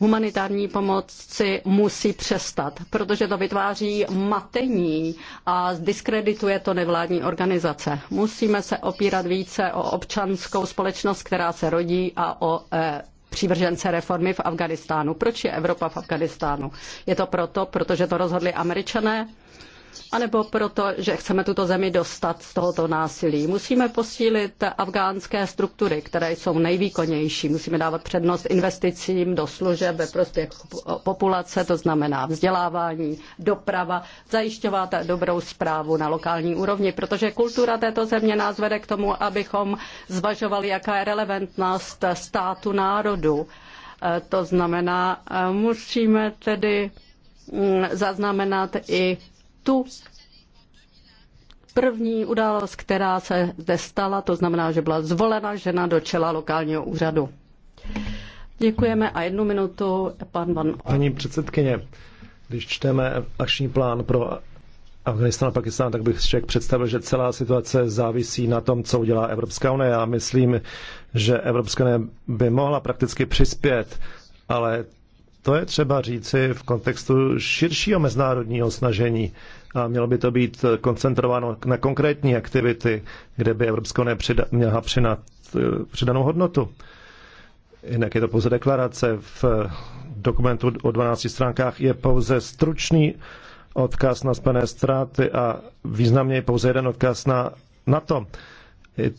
humanitární pomoci musí přestat, protože to vytváří matení a diskredituje to nevládní organizace. Musíme se opírat více o občanskou společnost, která se rodí a o eh, přívržence reformy v Afganistánu. Proč je Evropa v Afganistánu? Je to proto, protože to rozhodli američané, anebo proto, že chceme tuto zemi dostat z tohoto násilí. Musíme posílit afgánské struktury, které jsou nejvýkonnější. Musíme dávat přednost investicím do služeb ve prospěch populace, to znamená vzdělávání, doprava, zajišťovat dobrou zprávu na lokální úrovni, protože kultura této země nás vede k tomu, abychom zvažovali, jaká je relevantnost státu národu. Eh, to znamená, eh, musíme tedy mm, zaznamenat i tu první událost, která se zde stala, to znamená, že byla zvolena žena do čela lokálního úřadu. Děkujeme a jednu minutu pan Van. Paní předsedkyně, když čteme akční plán pro Afganistán a Pakistán, tak bych člověk představil, že celá situace závisí na tom, co udělá Evropská unie. Já myslím, že Evropská unie by mohla prakticky přispět, ale to je třeba říci v kontextu širšího mezinárodního snažení a mělo by to být koncentrováno na konkrétní aktivity, kde by Evropská unie měla přinat eh, přidanou hodnotu. Jinak je to pouze deklarace. V dokumentu o 12 stránkách je pouze stručný odkaz na splné ztráty a významně je pouze jeden odkaz na NATO. Je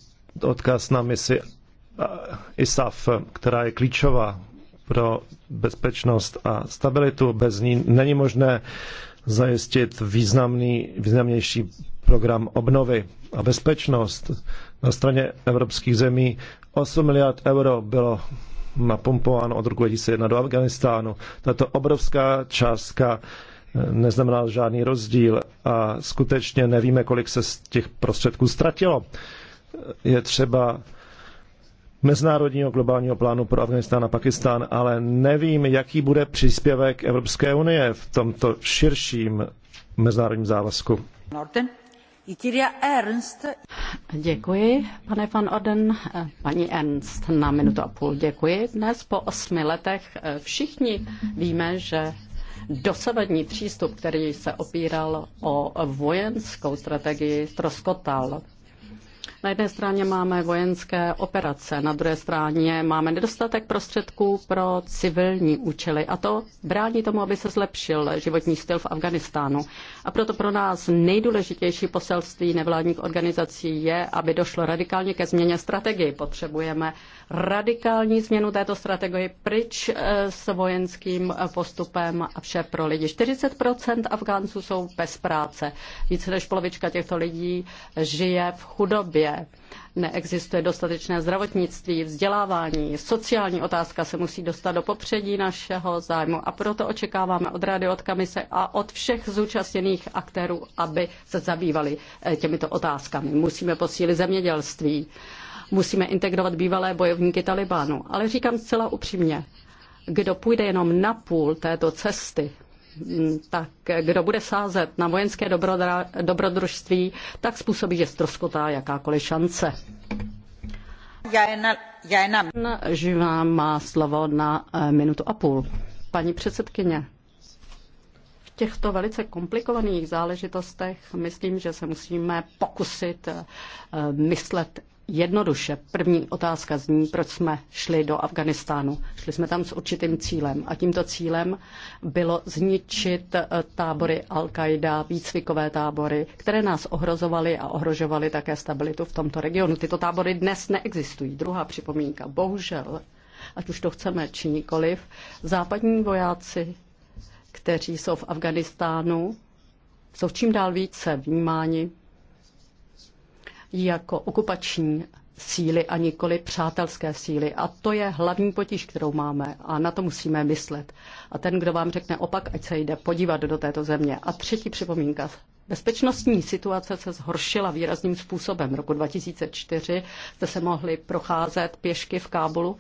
odkaz na misi eh, ISAF, která je klíčová pro bezpečnost a stabilitu. Bez ní není možné zajistit významný, významnější program obnovy a bezpečnost. Na straně evropských zemí 8 miliard euro bylo napumpováno od roku 2001 do Afganistánu. Tato obrovská částka eh, neznamená žádný rozdíl a skutečně nevíme, kolik se z těch prostředků ztratilo. Je třeba mezinárodního globálního plánu pro Afganistán a Pakistán, ale nevím, jaký bude příspěvek Evropské unie v tomto širším mezinárodním závazku. Norton. Ernst. Děkuji, pane van Orden. Paní Ernst, na minutu a půl děkuji. Dnes po osmi letech eh, všichni víme, že dosavadní přístup, který se opíral o vojenskou strategii, troskotal. Na jedné straně máme vojenské operace, na druhé straně máme nedostatek prostředků pro civilní účely a to brání tomu, aby se zlepšil životní styl v Afganistánu. A proto pro nás nejdůležitější poselství nevládních organizací je, aby došlo radikálně ke změně strategii. Potřebujeme radikální změnu této strategie pryč eh, s vojenským eh, postupem a vše pro lidi. 40% Afgánců jsou bez práce. Více než polovička těchto lidí žije v chudobě neexistuje dostatečné zdravotnictví, vzdělávání, sociální otázka se musí dostat do popředí našeho zájmu a proto očekáváme od Rady, od Kamise a od všech zúčastněných aktérů, aby se zabývali eh, těmito otázkami. Musíme posílit zemědělství, musíme integrovat bývalé bojovníky Talibánu, ale říkám zcela upřímně, kdo půjde jenom na půl této cesty, tak kdo bude sázet na vojenské dobrodra, dobrodružství, tak způsobí, že stroskotá jakákoliv šance. Já Živá má slovo na eh, minutu a půl. Paní předsedkyně, v těchto velice komplikovaných záležitostech myslím, že se musíme pokusit eh, myslet jednoduše. První otázka zní, proč jsme šli do Afganistánu. Šli jsme tam s určitým cílem a tímto cílem bylo zničit eh, tábory Al-Qaida, výcvikové tábory, které nás ohrozovaly a ohrožovaly také stabilitu v tomto regionu. Tyto tábory dnes neexistují. Druhá připomínka. Bohužel, ať už to chceme či nikoliv, západní vojáci, kteří jsou v Afganistánu, jsou čím dál více vnímáni jako okupační síly a nikoli přátelské síly. A to je hlavní potíž, kterou máme a na to musíme myslet. A ten, kdo vám řekne opak, ať se jde podívat do této země. A třetí připomínka. Bezpečnostní situace se zhoršila výrazným způsobem. V roku 2004 jste se mohli procházet pěšky v Kábulu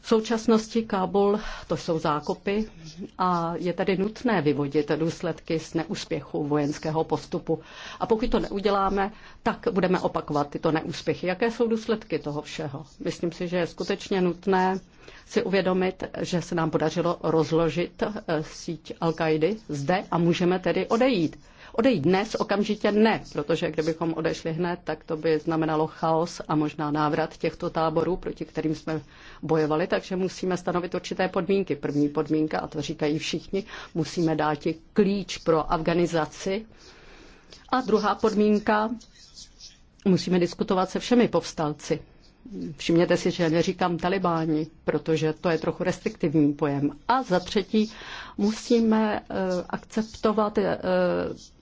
v současnosti Kábul to jsou zákopy a je tady nutné vyvodit důsledky z neúspěchu vojenského postupu. A pokud to neuděláme, tak budeme opakovat tyto neúspěchy. Jaké jsou důsledky toho všeho? Myslím si, že je skutečně nutné si uvědomit, že se nám podařilo rozložit eh, síť Al-Kaidy zde a můžeme tedy odejít. Odejít dnes okamžitě ne, protože kdybychom odešli hned, tak to by znamenalo chaos a možná návrat těchto táborů, proti kterým jsme bojovali, takže musíme stanovit určité podmínky. První podmínka, a to říkají všichni, musíme dát klíč pro afganizaci. A druhá podmínka, musíme diskutovat se všemi povstalci. Všimněte si, že neříkám talibáni, protože to je trochu restriktivní pojem. A za třetí, musíme e, akceptovat e,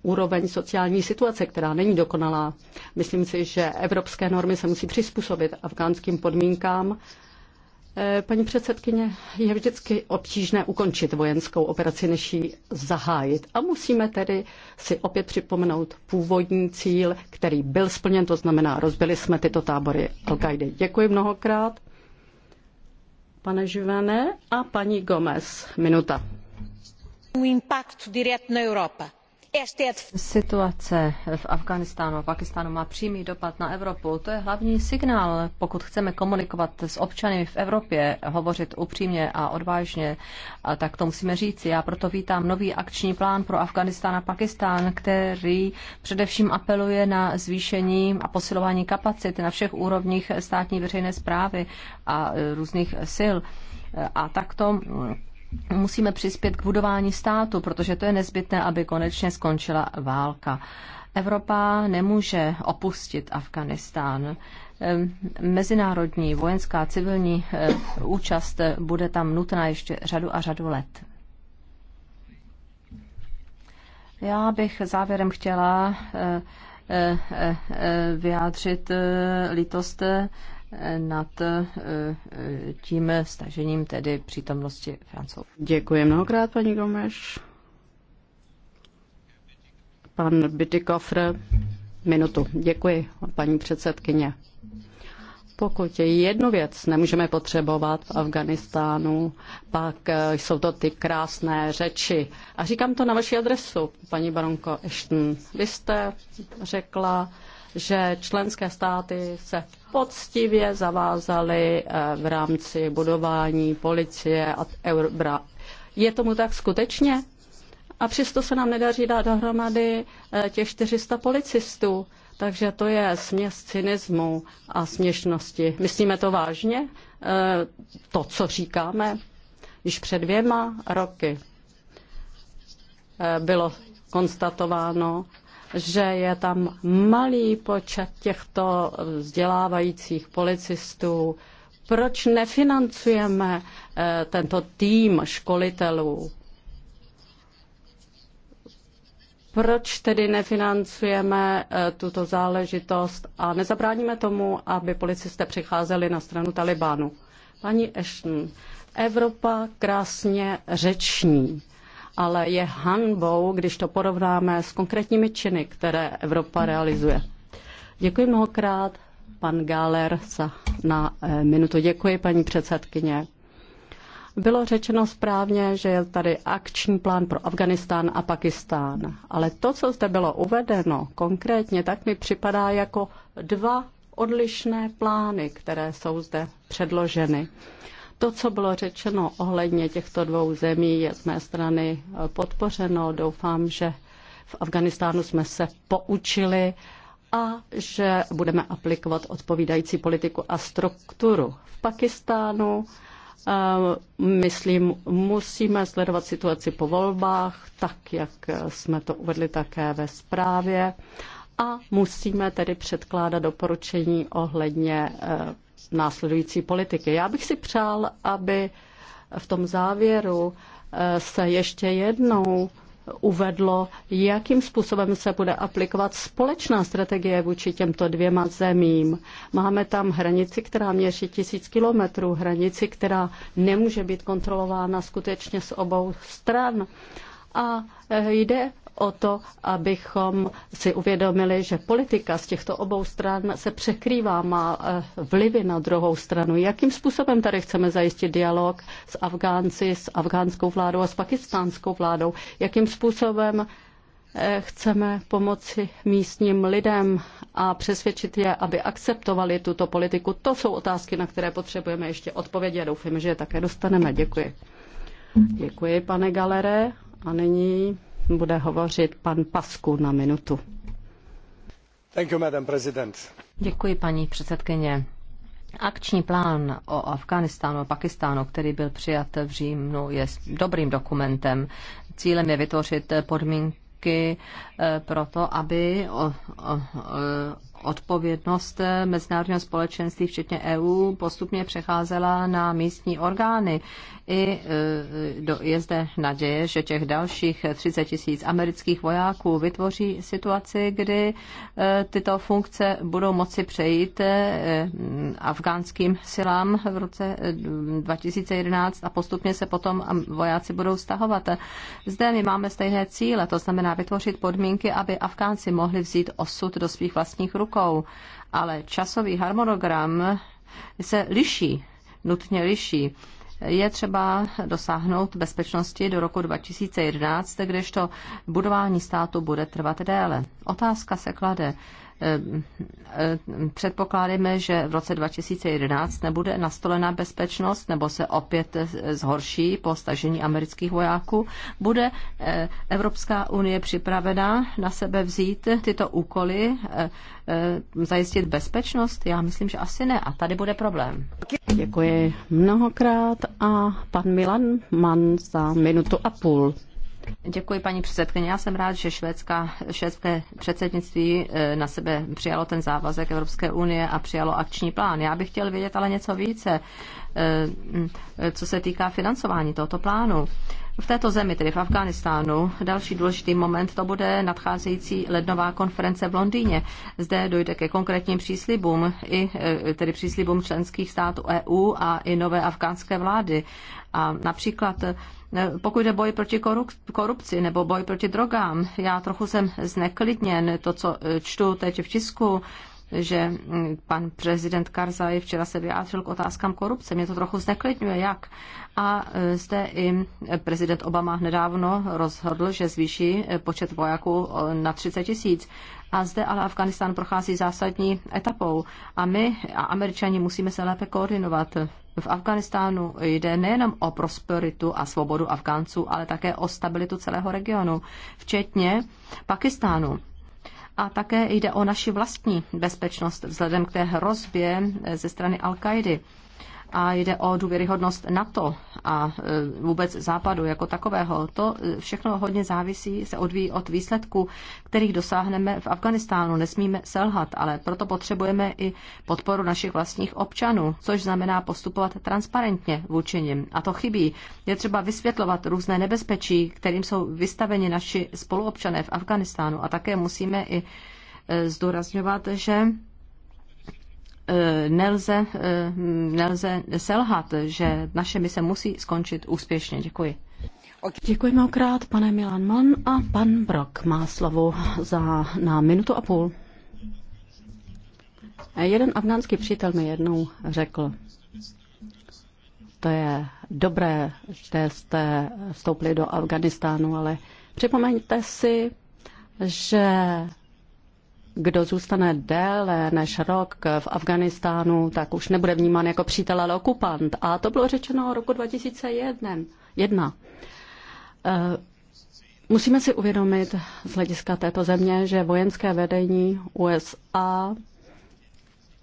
úroveň sociální situace, která není dokonalá. Myslím si, že evropské normy se musí přizpůsobit afgánským podmínkám Eh, paní předsedkyně, je vždycky obtížné ukončit vojenskou operaci, než ji zahájit. A musíme tedy si opět připomenout původní cíl, který byl splněn, to znamená, rozbili jsme tyto tábory al -Qaidi. Děkuji mnohokrát. Pane Živane a paní Gomez, minuta. Impact direct na Evropa. Situace v Afganistánu a Pakistánu má přímý dopad na Evropu. To je hlavní signál, pokud chceme komunikovat s občany v Evropě, hovořit upřímně a odvážně, tak to musíme říci. Já proto vítám nový akční plán pro Afganistán a Pakistán, který především apeluje na zvýšení a posilování kapacit na všech úrovních státní veřejné zprávy a různých sil. A takto musíme přispět k budování státu, protože to je nezbytné, aby konečně skončila válka. Evropa nemůže opustit Afganistán. Mezinárodní vojenská civilní eh, účast bude tam nutná ještě řadu a řadu let. Já bych závěrem chtěla eh, eh, vyjádřit lítost nad e, e, tím stažením tedy přítomnosti francouzů. Děkuji mnohokrát, paní Gomeš. Pan Bytykofr, minutu. Děkuji, paní předsedkyně. Pokud jednu věc nemůžeme potřebovat v Afganistánu, pak e, jsou to ty krásné řeči. A říkám to na vaši adresu, paní baronko Ashton. Vy jste řekla, že členské státy se poctivě zavázaly eh, v rámci budování policie a Eurobra. Je tomu tak skutečně? A přesto se nám nedaří dát dohromady eh, těch 400 policistů. Takže to je směs cynismu a směšnosti. Myslíme to vážně, eh, to, co říkáme? Již před dvěma roky bylo konstatováno, že je tam malý počet těchto vzdělávajících policistů. Proč nefinancujeme eh, tento tým školitelů? Proč tedy nefinancujeme eh, tuto záležitost a nezabráníme tomu, aby policisté přicházeli na stranu Talibánu? Paní Ashton, Evropa krásně řeční ale je hanbou, když to porovnáme s konkrétními činy, které Evropa realizuje. Děkuji mnohokrát, pan Gáler, na eh, minutu. Děkuji, paní předsedkyně. Bylo řečeno správně, že je tady akční plán pro Afganistán a Pakistán, ale to, co zde bylo uvedeno konkrétně, tak mi připadá jako dva odlišné plány, které jsou zde předloženy. To, co bylo řečeno ohledně těchto dvou zemí, je z mé strany eh, podpořeno. Doufám, že v Afganistánu jsme se poučili a že budeme aplikovat odpovídající politiku a strukturu. V Pakistánu eh, myslím, musíme sledovat situaci po volbách, tak jak eh, jsme to uvedli také ve zprávě a musíme tedy předkládat doporučení ohledně následující politiky. Já bych si přál, aby v tom závěru eh, se ještě jednou uvedlo, jakým způsobem se bude aplikovat společná strategie vůči těmto dvěma zemím. Máme tam hranici, která měří tisíc kilometrů, hranici, která nemůže být kontrolována skutečně z obou stran. A eh, jde o to, abychom si uvědomili, že politika z těchto obou stran se překrývá, má eh, vlivy na druhou stranu. Jakým způsobem tady chceme zajistit dialog s Afgánci, s afgánskou vládou a s pakistánskou vládou? Jakým způsobem eh, chceme pomoci místním lidem a přesvědčit je, aby akceptovali tuto politiku. To jsou otázky, na které potřebujeme ještě odpovědi a doufám, že je také dostaneme. Děkuji. Děkuji, pane Galere. A nyní bude hovořit pan Pasku na minutu. Thank you, madam president. Děkuji, paní předsedkyně. Akční plán o Afganistánu a Pakistánu, který byl přijat v Římnu, je dobrým dokumentem. Cílem je vytvořit podmínky podmínky eh, pro to, aby odpovědnost eh, mezinárodního společenství, včetně EU, postupně přecházela na místní orgány. I eh, do, je zde naděje, že těch dalších 30 tisíc amerických vojáků vytvoří situaci, kdy eh, tyto funkce budou moci přejít afgánským silám v roce 2011 a postupně se potom vojáci budou stahovat. Zde my máme stejné cíle, to znamená vytvořit podmínky, aby Afgánci mohli vzít osud do svých vlastních rukou rukou, ale časový harmonogram se liší, nutně liší je třeba dosáhnout bezpečnosti do roku 2011, kdežto budování státu bude trvat déle. Otázka se klade, předpokládáme, že v roce 2011 nebude nastolena bezpečnost nebo se opět zhorší po stažení amerických vojáků, bude eh, Evropská unie připravená na sebe vzít tyto úkoly, eh, eh, zajistit bezpečnost? Já myslím, že asi ne. A tady bude problém. Děkuji mnohokrát a pan Milan Mann za minutu a půl. Děkuji, paní předsedkyně. Já jsem rád, že švédská, švédské předsednictví eh, na sebe přijalo ten závazek Evropské unie a přijalo akční plán. Já bych chtěl vědět ale něco více, eh, eh, co se týká financování tohoto plánu. V této zemi, tedy v Afghánistánu, další důležitý moment to bude nadcházející lednová konference v Londýně. Zde dojde ke konkrétním příslibům, i e, tedy příslibům členských států EU a i nové afgánské vlády. A například e, pokud jde boj proti korupci nebo boj proti drogám, já trochu jsem zneklidněn to, co e, čtu teď v tisku že mm, pan prezident Karzaj včera se vyjádřil k otázkám korupce. Mě to trochu zneklidňuje, jak. A e, zde i prezident Obama nedávno rozhodl, že zvýší e, počet vojáků na 30 tisíc. A zde ale Afganistán prochází zásadní etapou. A my, a američani, musíme se lépe koordinovat. V Afganistánu jde nejenom o prosperitu a svobodu Afgánců, ale také o stabilitu celého regionu, včetně Pakistánu a také jde o naši vlastní bezpečnost vzhledem k té hrozbě ze strany Al-Kaidy a jde o důvěryhodnost NATO a e, vůbec Západu jako takového. To e, všechno hodně závisí, se odvíjí od výsledků, kterých dosáhneme v Afganistánu. Nesmíme selhat, ale proto potřebujeme i podporu našich vlastních občanů, což znamená postupovat transparentně vůči nim. A to chybí. Je třeba vysvětlovat různé nebezpečí, kterým jsou vystaveni naši spoluobčané v Afganistánu a také musíme i e, zdůrazňovat, že E, nelze, e, nelze selhat, že naše mise musí skončit úspěšně. Děkuji. Děkuji mnohokrát, pane Milan Mann a pan Brok má slovo za, na minutu a půl. Jeden afgánský přítel mi jednou řekl, to je dobré, že jste vstoupili do Afganistánu, ale připomeňte si, že kdo zůstane déle než rok v Afganistánu, tak už nebude vnímán jako přítel, ale okupant. A to bylo řečeno roku 2001. Jedna. Eh, musíme si uvědomit z hlediska této země, že vojenské vedení USA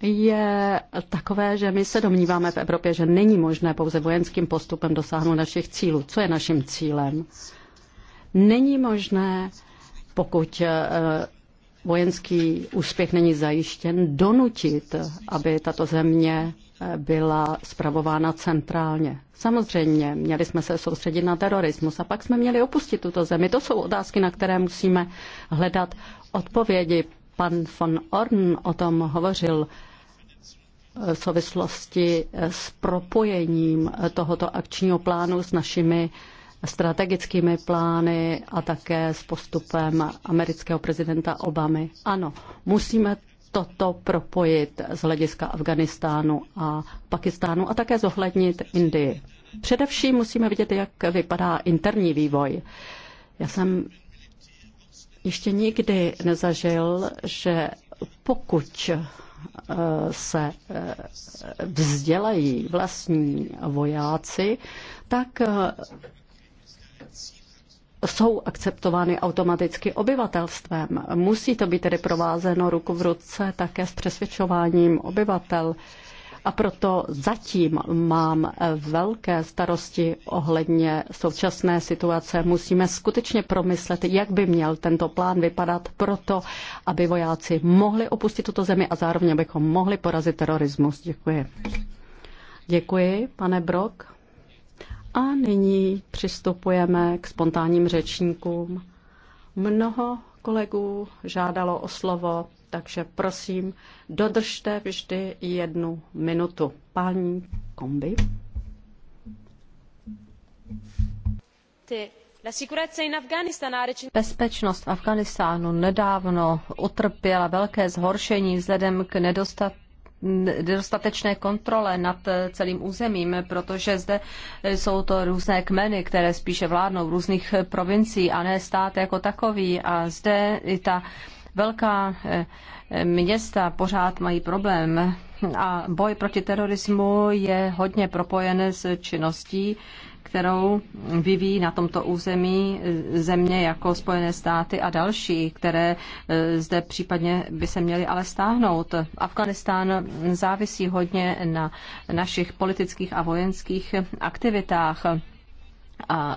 je takové, že my se domníváme v Evropě, že není možné pouze vojenským postupem dosáhnout našich cílů. Co je naším cílem? Není možné, pokud eh, vojenský úspěch není zajištěn, donutit, aby tato země eh, byla spravována centrálně. Samozřejmě, měli jsme se soustředit na terorismus a pak jsme měli opustit tuto zemi. To jsou otázky, na které musíme hledat odpovědi. Pan von Orn o tom hovořil eh, v souvislosti eh, s propojením tohoto akčního plánu s našimi uh, strategickými plány a také s postupem amerického prezidenta Obamy. Ano, musíme toto propojit z hlediska Afganistánu a Pakistánu a také zohlednit Indii. Především musíme vidět, jak vypadá interní vývoj. Já jsem ještě nikdy nezažil, že pokud eh, se eh, vzdělají vlastní vojáci, tak eh, jsou akceptovány automaticky obyvatelstvem. Musí to být tedy provázeno ruku v ruce také s přesvědčováním obyvatel. A proto zatím mám velké starosti ohledně současné situace. Musíme skutečně promyslet, jak by měl tento plán vypadat proto, aby vojáci mohli opustit tuto zemi a zároveň bychom mohli porazit terorismus. Děkuji. Děkuji, pane Brok. A nyní přistupujeme k spontánním řečníkům. Mnoho kolegů žádalo o slovo, takže prosím, dodržte vždy jednu minutu. Pání Kombi. Ty. Bezpečnost v Afganistánu nedávno utrpěla velké zhoršení vzhledem k nedostatku nedostatečné kontrole nad eh, celým územím, protože zde jsou to různé kmeny, které spíše vládnou v různých eh, provincií a ne stát jako takový. A zde i ta velká eh, města pořád mají problém a boj proti terorismu je hodně propojen s činností kterou vyvíjí na tomto území země jako Spojené státy a další, které e, zde případně by se měly ale stáhnout. Afganistán závisí hodně na našich politických a vojenských aktivitách. A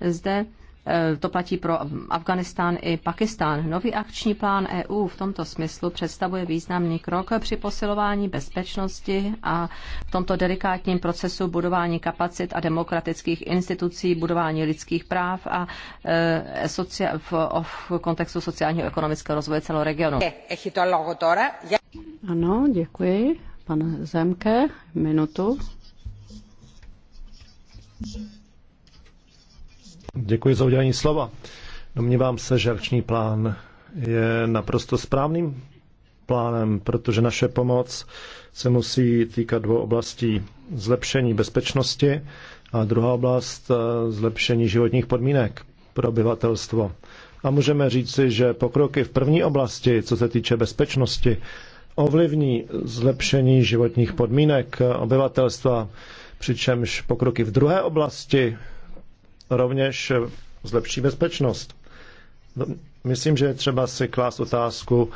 e, zde Eh, to platí pro Afganistán i Pakistán. Nový akční plán EU v tomto smyslu představuje významný krok při posilování bezpečnosti a v tomto delikátním procesu budování kapacit a demokratických institucí, budování lidských práv a eh, v, v kontextu sociálního a ekonomického rozvoje celého regionu. Eh, ano, děkuji. Pane Zemke, minutu. Děkuji za udělení slova. Domnívám se, že akční plán je naprosto správným plánem, protože naše pomoc se musí týkat dvou oblastí. Zlepšení bezpečnosti a druhá oblast eh, zlepšení životních podmínek pro obyvatelstvo. A můžeme říci, že pokroky v první oblasti, co se týče bezpečnosti, ovlivní zlepšení životních podmínek obyvatelstva, přičemž pokroky v druhé oblasti rovněž eh, zlepší bezpečnost. No, myslím, že je třeba si klást otázku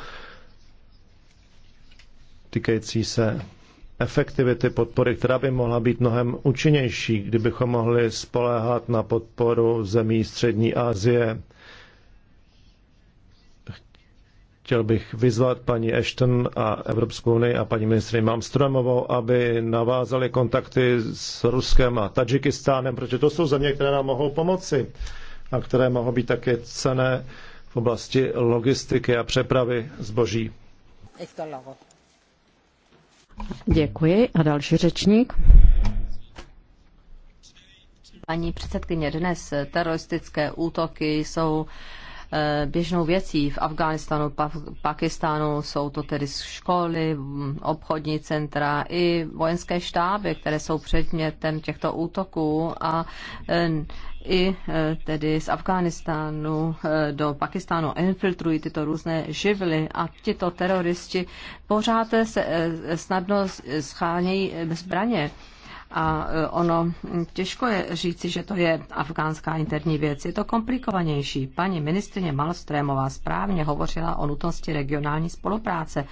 týkající se efektivity podpory, která by mohla být mnohem účinnější, kdybychom mohli spoléhat na podporu zemí Střední Asie Chtěl bych vyzvat paní Ashton a Evropskou unii a paní ministrině Mamstromovou, aby navázali kontakty s Ruskem a Tadžikistánem, protože to jsou země, které nám mohou pomoci a které mohou být také cené v oblasti logistiky a přepravy zboží. Děkuji. A další řečník. Paní předsedkyně, dnes teroristické útoky jsou Eh, běžnou věcí. V Afghánistánu, Pakistánu jsou to tedy školy, obchodní centra i vojenské štáby, které jsou předmětem těchto útoků a eh, i eh, tedy z Afghánistánu do Pakistánu infiltrují tyto různé živly a tito teroristi pořád se snadno schánějí zbraně. A e, ono těžko je říci, že to je afgánská interní věc. Je to komplikovanější. Paní ministrině Malstrémová správně hovořila o nutnosti regionální spolupráce.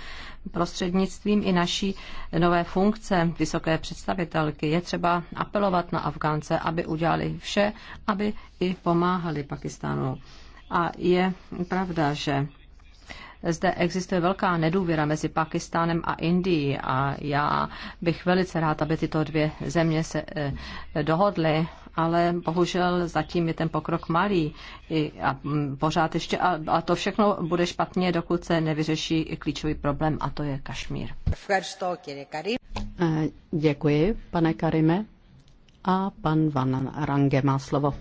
Prostřednictvím i naší nové funkce vysoké představitelky je třeba apelovat na Afgánce, aby udělali vše, aby i pomáhali Pakistánu. A je pravda, že zde existuje velká nedůvěra mezi Pakistánem a Indií a já bych velice rád, aby tyto dvě země se eh, dohodly, ale bohužel zatím je ten pokrok malý a mm, pořád ještě, a to všechno bude špatně, dokud se nevyřeší klíčový problém a to je Kašmír. Eh, děkuji, pane Karime. A pan Van Range má slovo.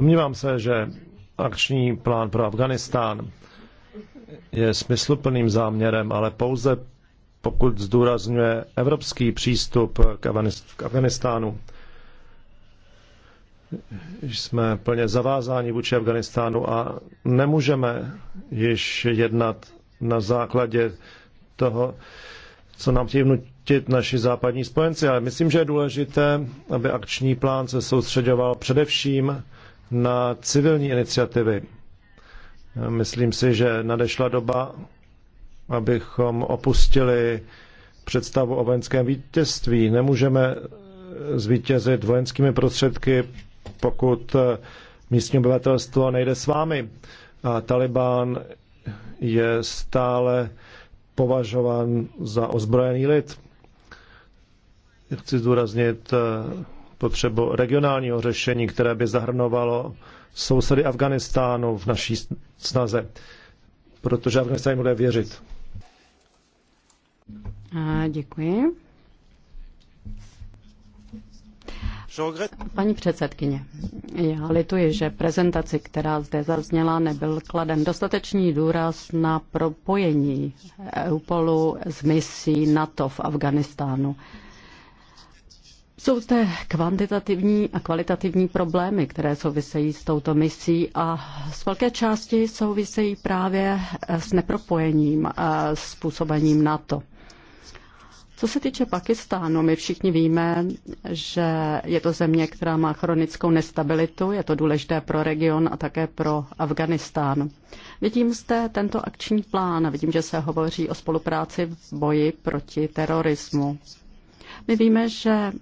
Domnívám se, že akční plán pro Afganistán je smysluplným záměrem, ale pouze pokud zdůrazňuje evropský přístup k Afganistánu. Jsme plně zavázáni vůči Afganistánu a nemůžeme již jednat na základě toho, co nám chtějí vnutit naši západní spojenci. Ale myslím, že je důležité, aby akční plán se soustředoval především na civilní iniciativy. Myslím si, že nadešla doba, abychom opustili představu o vojenském vítězství. Nemůžeme zvítězit vojenskými prostředky, pokud místní obyvatelstvo nejde s vámi. A Taliban je stále považován za ozbrojený lid. Chci zdůraznit potřebu regionálního řešení, které by zahrnovalo sousedy Afganistánu v naší snaze, protože Afganistán bude věřit. A děkuji. Paní předsedkyně, já lituji, že prezentaci, která zde zazněla, nebyl kladen dostatečný důraz na propojení EUPOLu s misí NATO v Afganistánu. Jsou zde kvantitativní a kvalitativní problémy, které souvisejí s touto misí a z velké části souvisejí právě s nepropojením a eh, způsobením NATO. Co se týče Pakistánu, my všichni víme, že je to země, která má chronickou nestabilitu, je to důležité pro region a také pro Afganistán. Vidím zde tento akční plán, vidím, že se hovoří o spolupráci v boji proti terorismu. My víme, že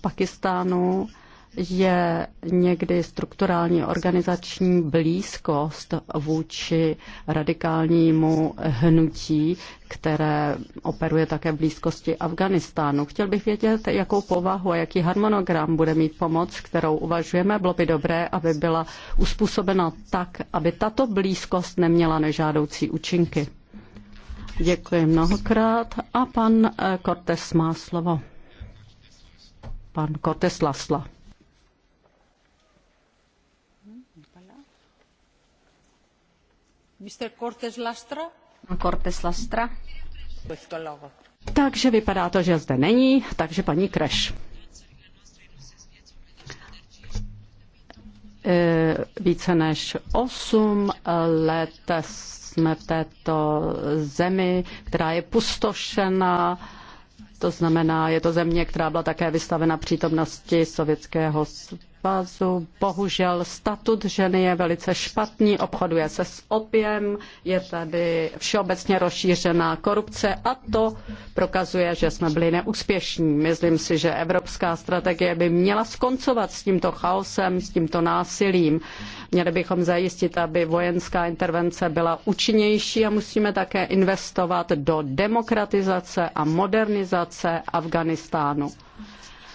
Pakistánu je někdy strukturální organizační blízkost vůči radikálnímu hnutí, které operuje také blízkosti Afganistánu. Chtěl bych vědět, jakou povahu a jaký harmonogram bude mít pomoc, kterou uvažujeme. Bylo by dobré, aby byla uspůsobena tak, aby tato blízkost neměla nežádoucí účinky. Děkuji mnohokrát a pan eh, Cortes má slovo pan Cortes Lasla. Mr. Cortes Lastra? Pan Cortes Lastra. Takže vypadá to, že zde není, takže paní Kreš. E, více než 8 let jsme v této zemi, která je pustošena. To znamená, je to země, která byla také vystavena přítomnosti Sovětského svazu. Bohužel statut ženy je velice špatný, obchoduje se s opiem, je tady všeobecně rozšířená korupce a to prokazuje, že jsme byli neúspěšní. Myslím si, že evropská strategie by měla skoncovat s tímto chaosem, s tímto násilím. Měli bychom zajistit, aby vojenská intervence byla účinnější a musíme také investovat do demokratizace a modernizace Afganistánu.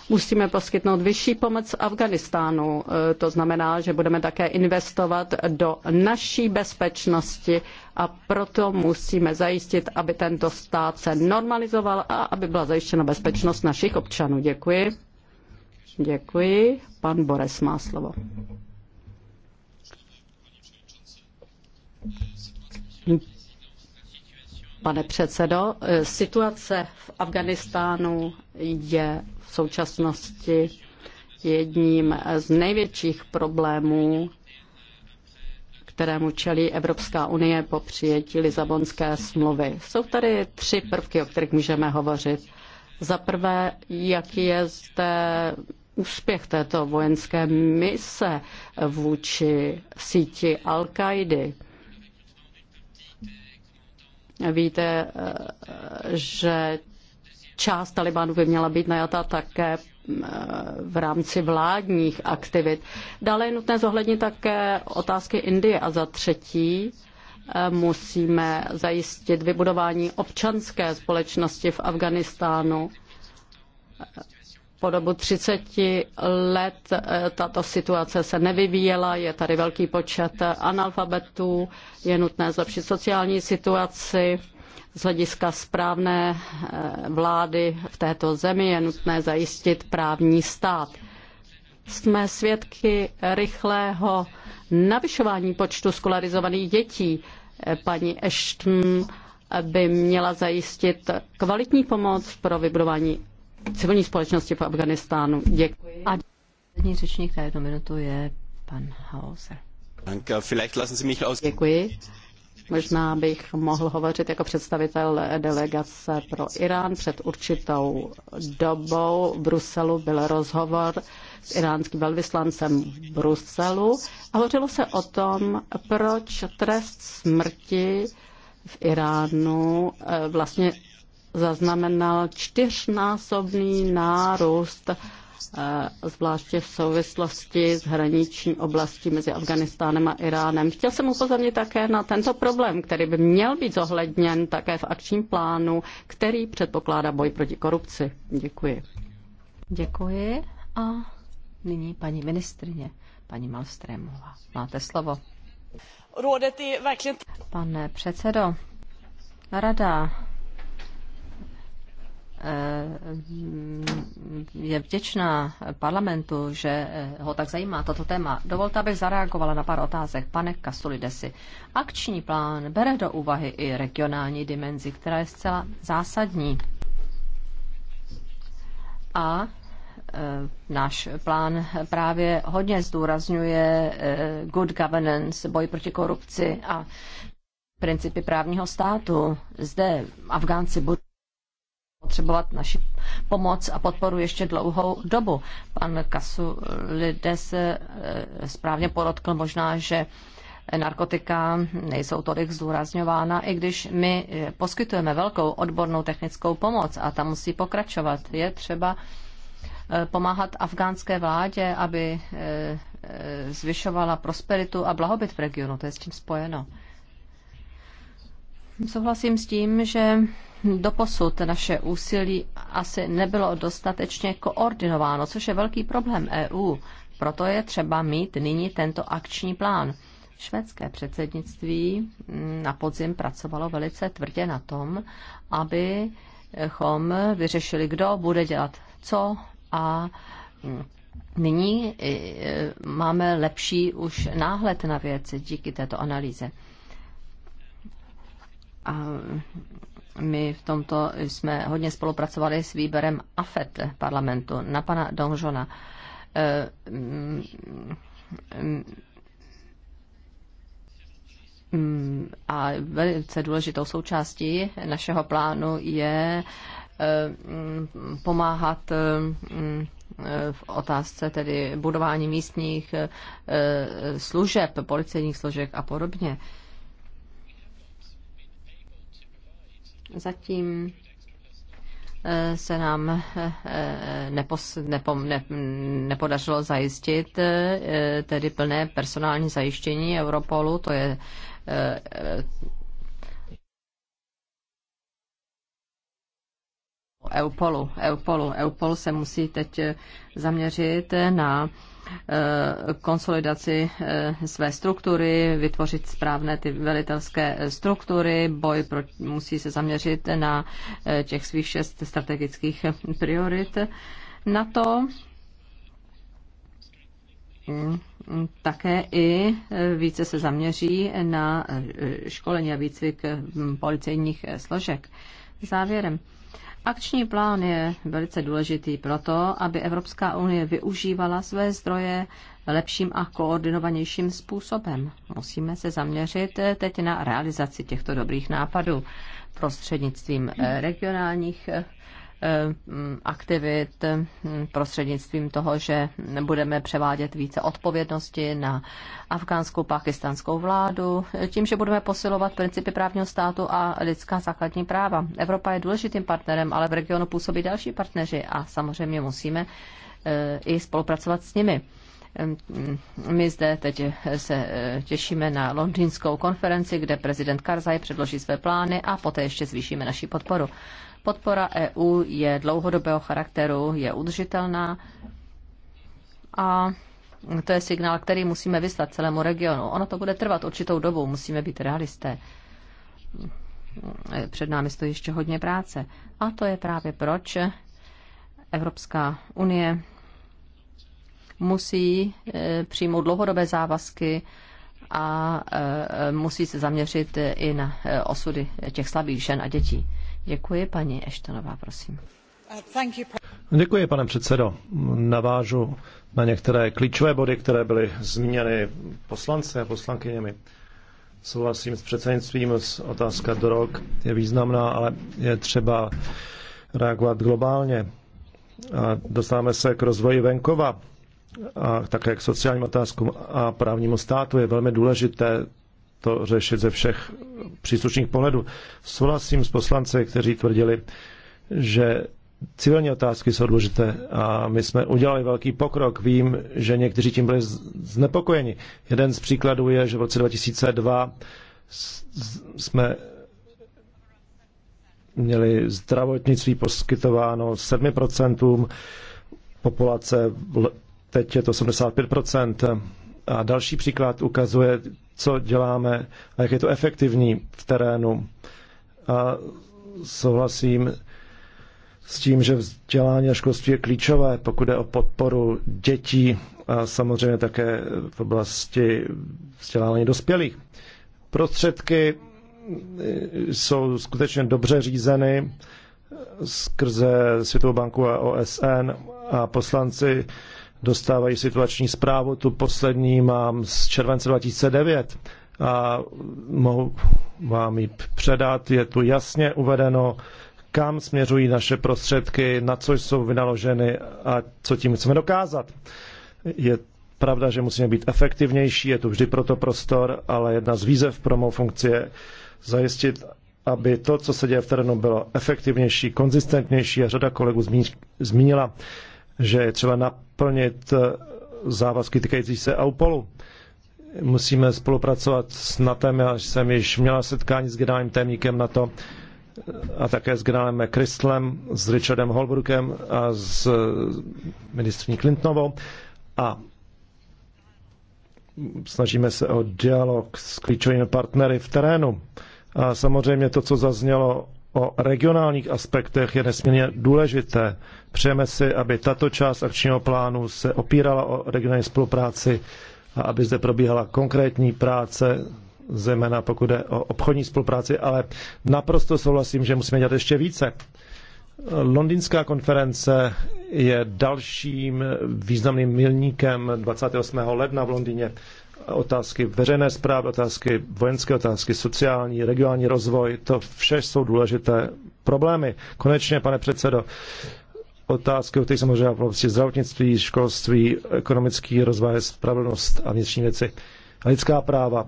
Musíme poskytnout vyšší pomoc Afganistánu. E, to znamená, že budeme také investovat do naší bezpečnosti a proto musíme zajistit, aby tento stát se normalizoval a aby byla zajištěna bezpečnost našich občanů. Děkuji. Děkuji. Pan Bores má slovo. Pane předsedo, e, situace v Afganistánu je v současnosti jedním z největších problémů, kterému čelí Evropská unie po přijetí Lizabonské smlouvy. Jsou tady tři prvky, o kterých můžeme hovořit. Za prvé, jaký je zde úspěch této vojenské mise vůči síti al qaidi Víte, že část Talibánu by měla být najata také eh, v rámci vládních aktivit. Dále je nutné zohlednit také otázky Indie a za třetí eh, musíme zajistit vybudování občanské společnosti v Afganistánu. Po dobu 30 let eh, tato situace se nevyvíjela, je tady velký počet analfabetů, je nutné zlepšit sociální situaci z hlediska správné eh, vlády v této zemi je nutné zajistit právní stát. Jsme svědky rychlého navyšování počtu skolarizovaných dětí. Eh, paní Ashton by měla zajistit kvalitní pomoc pro vybudování civilní společnosti v Afganistánu. Děkuji. A řečník na jednu minutu je pan Hauser. Děkuji. Možná bych mohl hovořit jako představitel delegace pro Irán. Před určitou dobou v Bruselu byl rozhovor s iránským velvyslancem v Bruselu a hovořilo se o tom, proč trest smrti v Iránu eh, vlastně zaznamenal čtyřnásobný nárůst zvláště v souvislosti s hraniční oblastí mezi Afganistánem a Iránem. Chtěl jsem upozornit také na tento problém, který by měl být zohledněn také v akčním plánu, který předpokládá boj proti korupci. Děkuji. Děkuji a nyní paní ministrině, paní Malstrémová. Máte slovo. Pane předsedo, Rada Eh, je vděčná parlamentu, že eh, ho tak zajímá toto téma. Dovolte, abych zareagovala na pár otázek. Pane Kasulidesi, akční plán bere do úvahy i regionální dimenzi, která je zcela zásadní. A eh, náš plán právě hodně zdůrazňuje good governance, boj proti korupci a principy právního státu. Zde Afgánci budou potřebovat naši pomoc a podporu ještě dlouhou dobu. Pan Kasu se eh, správně porotkl, možná, že narkotika nejsou tolik zdůrazňována, i když my eh, poskytujeme velkou odbornou technickou pomoc a ta musí pokračovat. Je třeba eh, pomáhat afgánské vládě, aby zvyšovala prosperitu a blahobyt v regionu. To je s tím spojeno. Souhlasím s tím, že doposud naše úsilí asi nebylo dostatečně koordinováno, což je velký problém EU. Proto je třeba mít nyní tento akční plán. Švédské předsednictví na podzim pracovalo velice tvrdě na tom, abychom vyřešili, kdo bude dělat co a nyní e, máme lepší už náhled na věci díky této analýze. A my v tomto jsme hodně spolupracovali s výběrem AFET parlamentu na pana Donžona. Eh, mm, mm, mm, a velice důležitou součástí našeho plánu je eh, pomáhat eh, v otázce tedy budování místních služeb, policejních složek a podobně. Zatím eh, se nám eh, nepos, nepo, ne, nepodařilo zajistit eh, tedy plné personální zajištění Europolu, to je Eupolu. Eupolu. Eupol se musí teď zaměřit na Eh, konsolidaci eh, své struktury, vytvořit správné ty velitelské struktury, boj pro, musí se zaměřit na eh, těch svých šest strategických priorit. Na to mm, také i více se zaměří na školení a výcvik mm, policejních složek. Závěrem Akční plán je velice důležitý proto, aby Evropská unie využívala své zdroje lepším a koordinovanějším způsobem. Musíme se zaměřit teď na realizaci těchto dobrých nápadů prostřednictvím eh, regionálních Eh, aktivit hm, prostřednictvím toho, že budeme převádět více odpovědnosti na afgánskou, pakistánskou vládu, tím, že budeme posilovat principy právního státu a lidská základní práva. Evropa je důležitým partnerem, ale v regionu působí další partneři a samozřejmě musíme eh, i spolupracovat s nimi. My zde teď se eh, těšíme na londýnskou konferenci, kde prezident Karzaj předloží své plány a poté ještě zvýšíme naši podporu. Podpora EU je dlouhodobého charakteru, je udržitelná a to je signál, který musíme vyslat celému regionu. Ono to bude trvat určitou dobu, musíme být realisté. Před námi stojí ještě hodně práce. A to je právě proč Evropská unie musí e, přijmout dlouhodobé závazky a e, musí se zaměřit i na e, osudy těch slabých žen a dětí. Děkuji, paní Eštonová, prosím. Uh, Děkuji, pane předsedo. Navážu na některé klíčové body, které byly zmíněny poslanci a poslankyněmi. Souhlasím s předsednictvím, otázka drog je významná, ale je třeba reagovat globálně. A dostáváme se k rozvoji venkova a také k sociálním otázkům a právnímu státu. Je velmi důležité to řešit ze všech příslušných pohledů. Souhlasím s poslanci, kteří tvrdili, že civilní otázky jsou důležité a my jsme udělali velký pokrok. Vím, že někteří tím byli znepokojeni. Jeden z příkladů je, že v roce 2002 jsme měli zdravotnictví poskytováno 7% populace, teď je to 75%. A další příklad ukazuje co děláme a jak je to efektivní v terénu. A souhlasím s tím, že vzdělání a školství je klíčové, pokud je o podporu dětí a samozřejmě také v oblasti vzdělávání dospělých. Prostředky jsou skutečně dobře řízeny skrze Světovou banku a OSN a poslanci dostávají situační zprávu, tu poslední mám z července 2009 a mohu vám ji předat. Je tu jasně uvedeno, kam směřují naše prostředky, na co jsou vynaloženy a co tím chceme dokázat. Je pravda, že musíme být efektivnější, je tu vždy proto prostor, ale jedna z výzev pro mou funkci je zajistit, aby to, co se děje v terénu, bylo efektivnější, konzistentnější a řada kolegů zmínila že je třeba naplnit eh, závazky týkající se AUPOLu. Musíme spolupracovat s NATEM, já jsem již měla setkání s generálním témníkem NATO eh, a také s generálem Kristlem, s Richardem Holbrookem a s eh, ministrní Clintonovou a snažíme se o dialog s klíčovými partnery v terénu. A samozřejmě to, co zaznělo o regionálních aspektech je nesmírně důležité. Přejeme si, aby tato část akčního plánu se opírala o regionální spolupráci a aby zde probíhala konkrétní práce, zejména pokud jde o obchodní spolupráci, ale naprosto souhlasím, že musíme dělat ještě více. Londýnská konference je dalším významným milníkem 28. ledna v Londýně otázky veřejné zprávy, otázky vojenské otázky, sociální, regionální rozvoj, to vše jsou důležité problémy. Konečně, pane předsedo, otázky, o kterých samozřejmě hovořil, prostě zdravotnictví, školství, ekonomický rozvoj, spravedlnost a vnitřní věci. A lidská práva,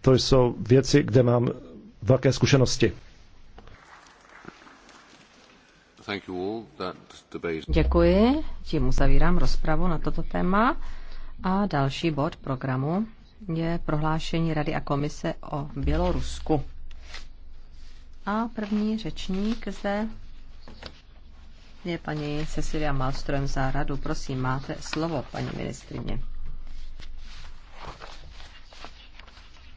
to jsou věci, kde mám velké zkušenosti. Děkuji, tím uzavírám rozpravu na toto téma. A další bod programu je prohlášení Rady a komise o Bělorusku. A první řečník zde je paní Cecilia Malström za radu. Prosím, máte slovo, paní ministrině.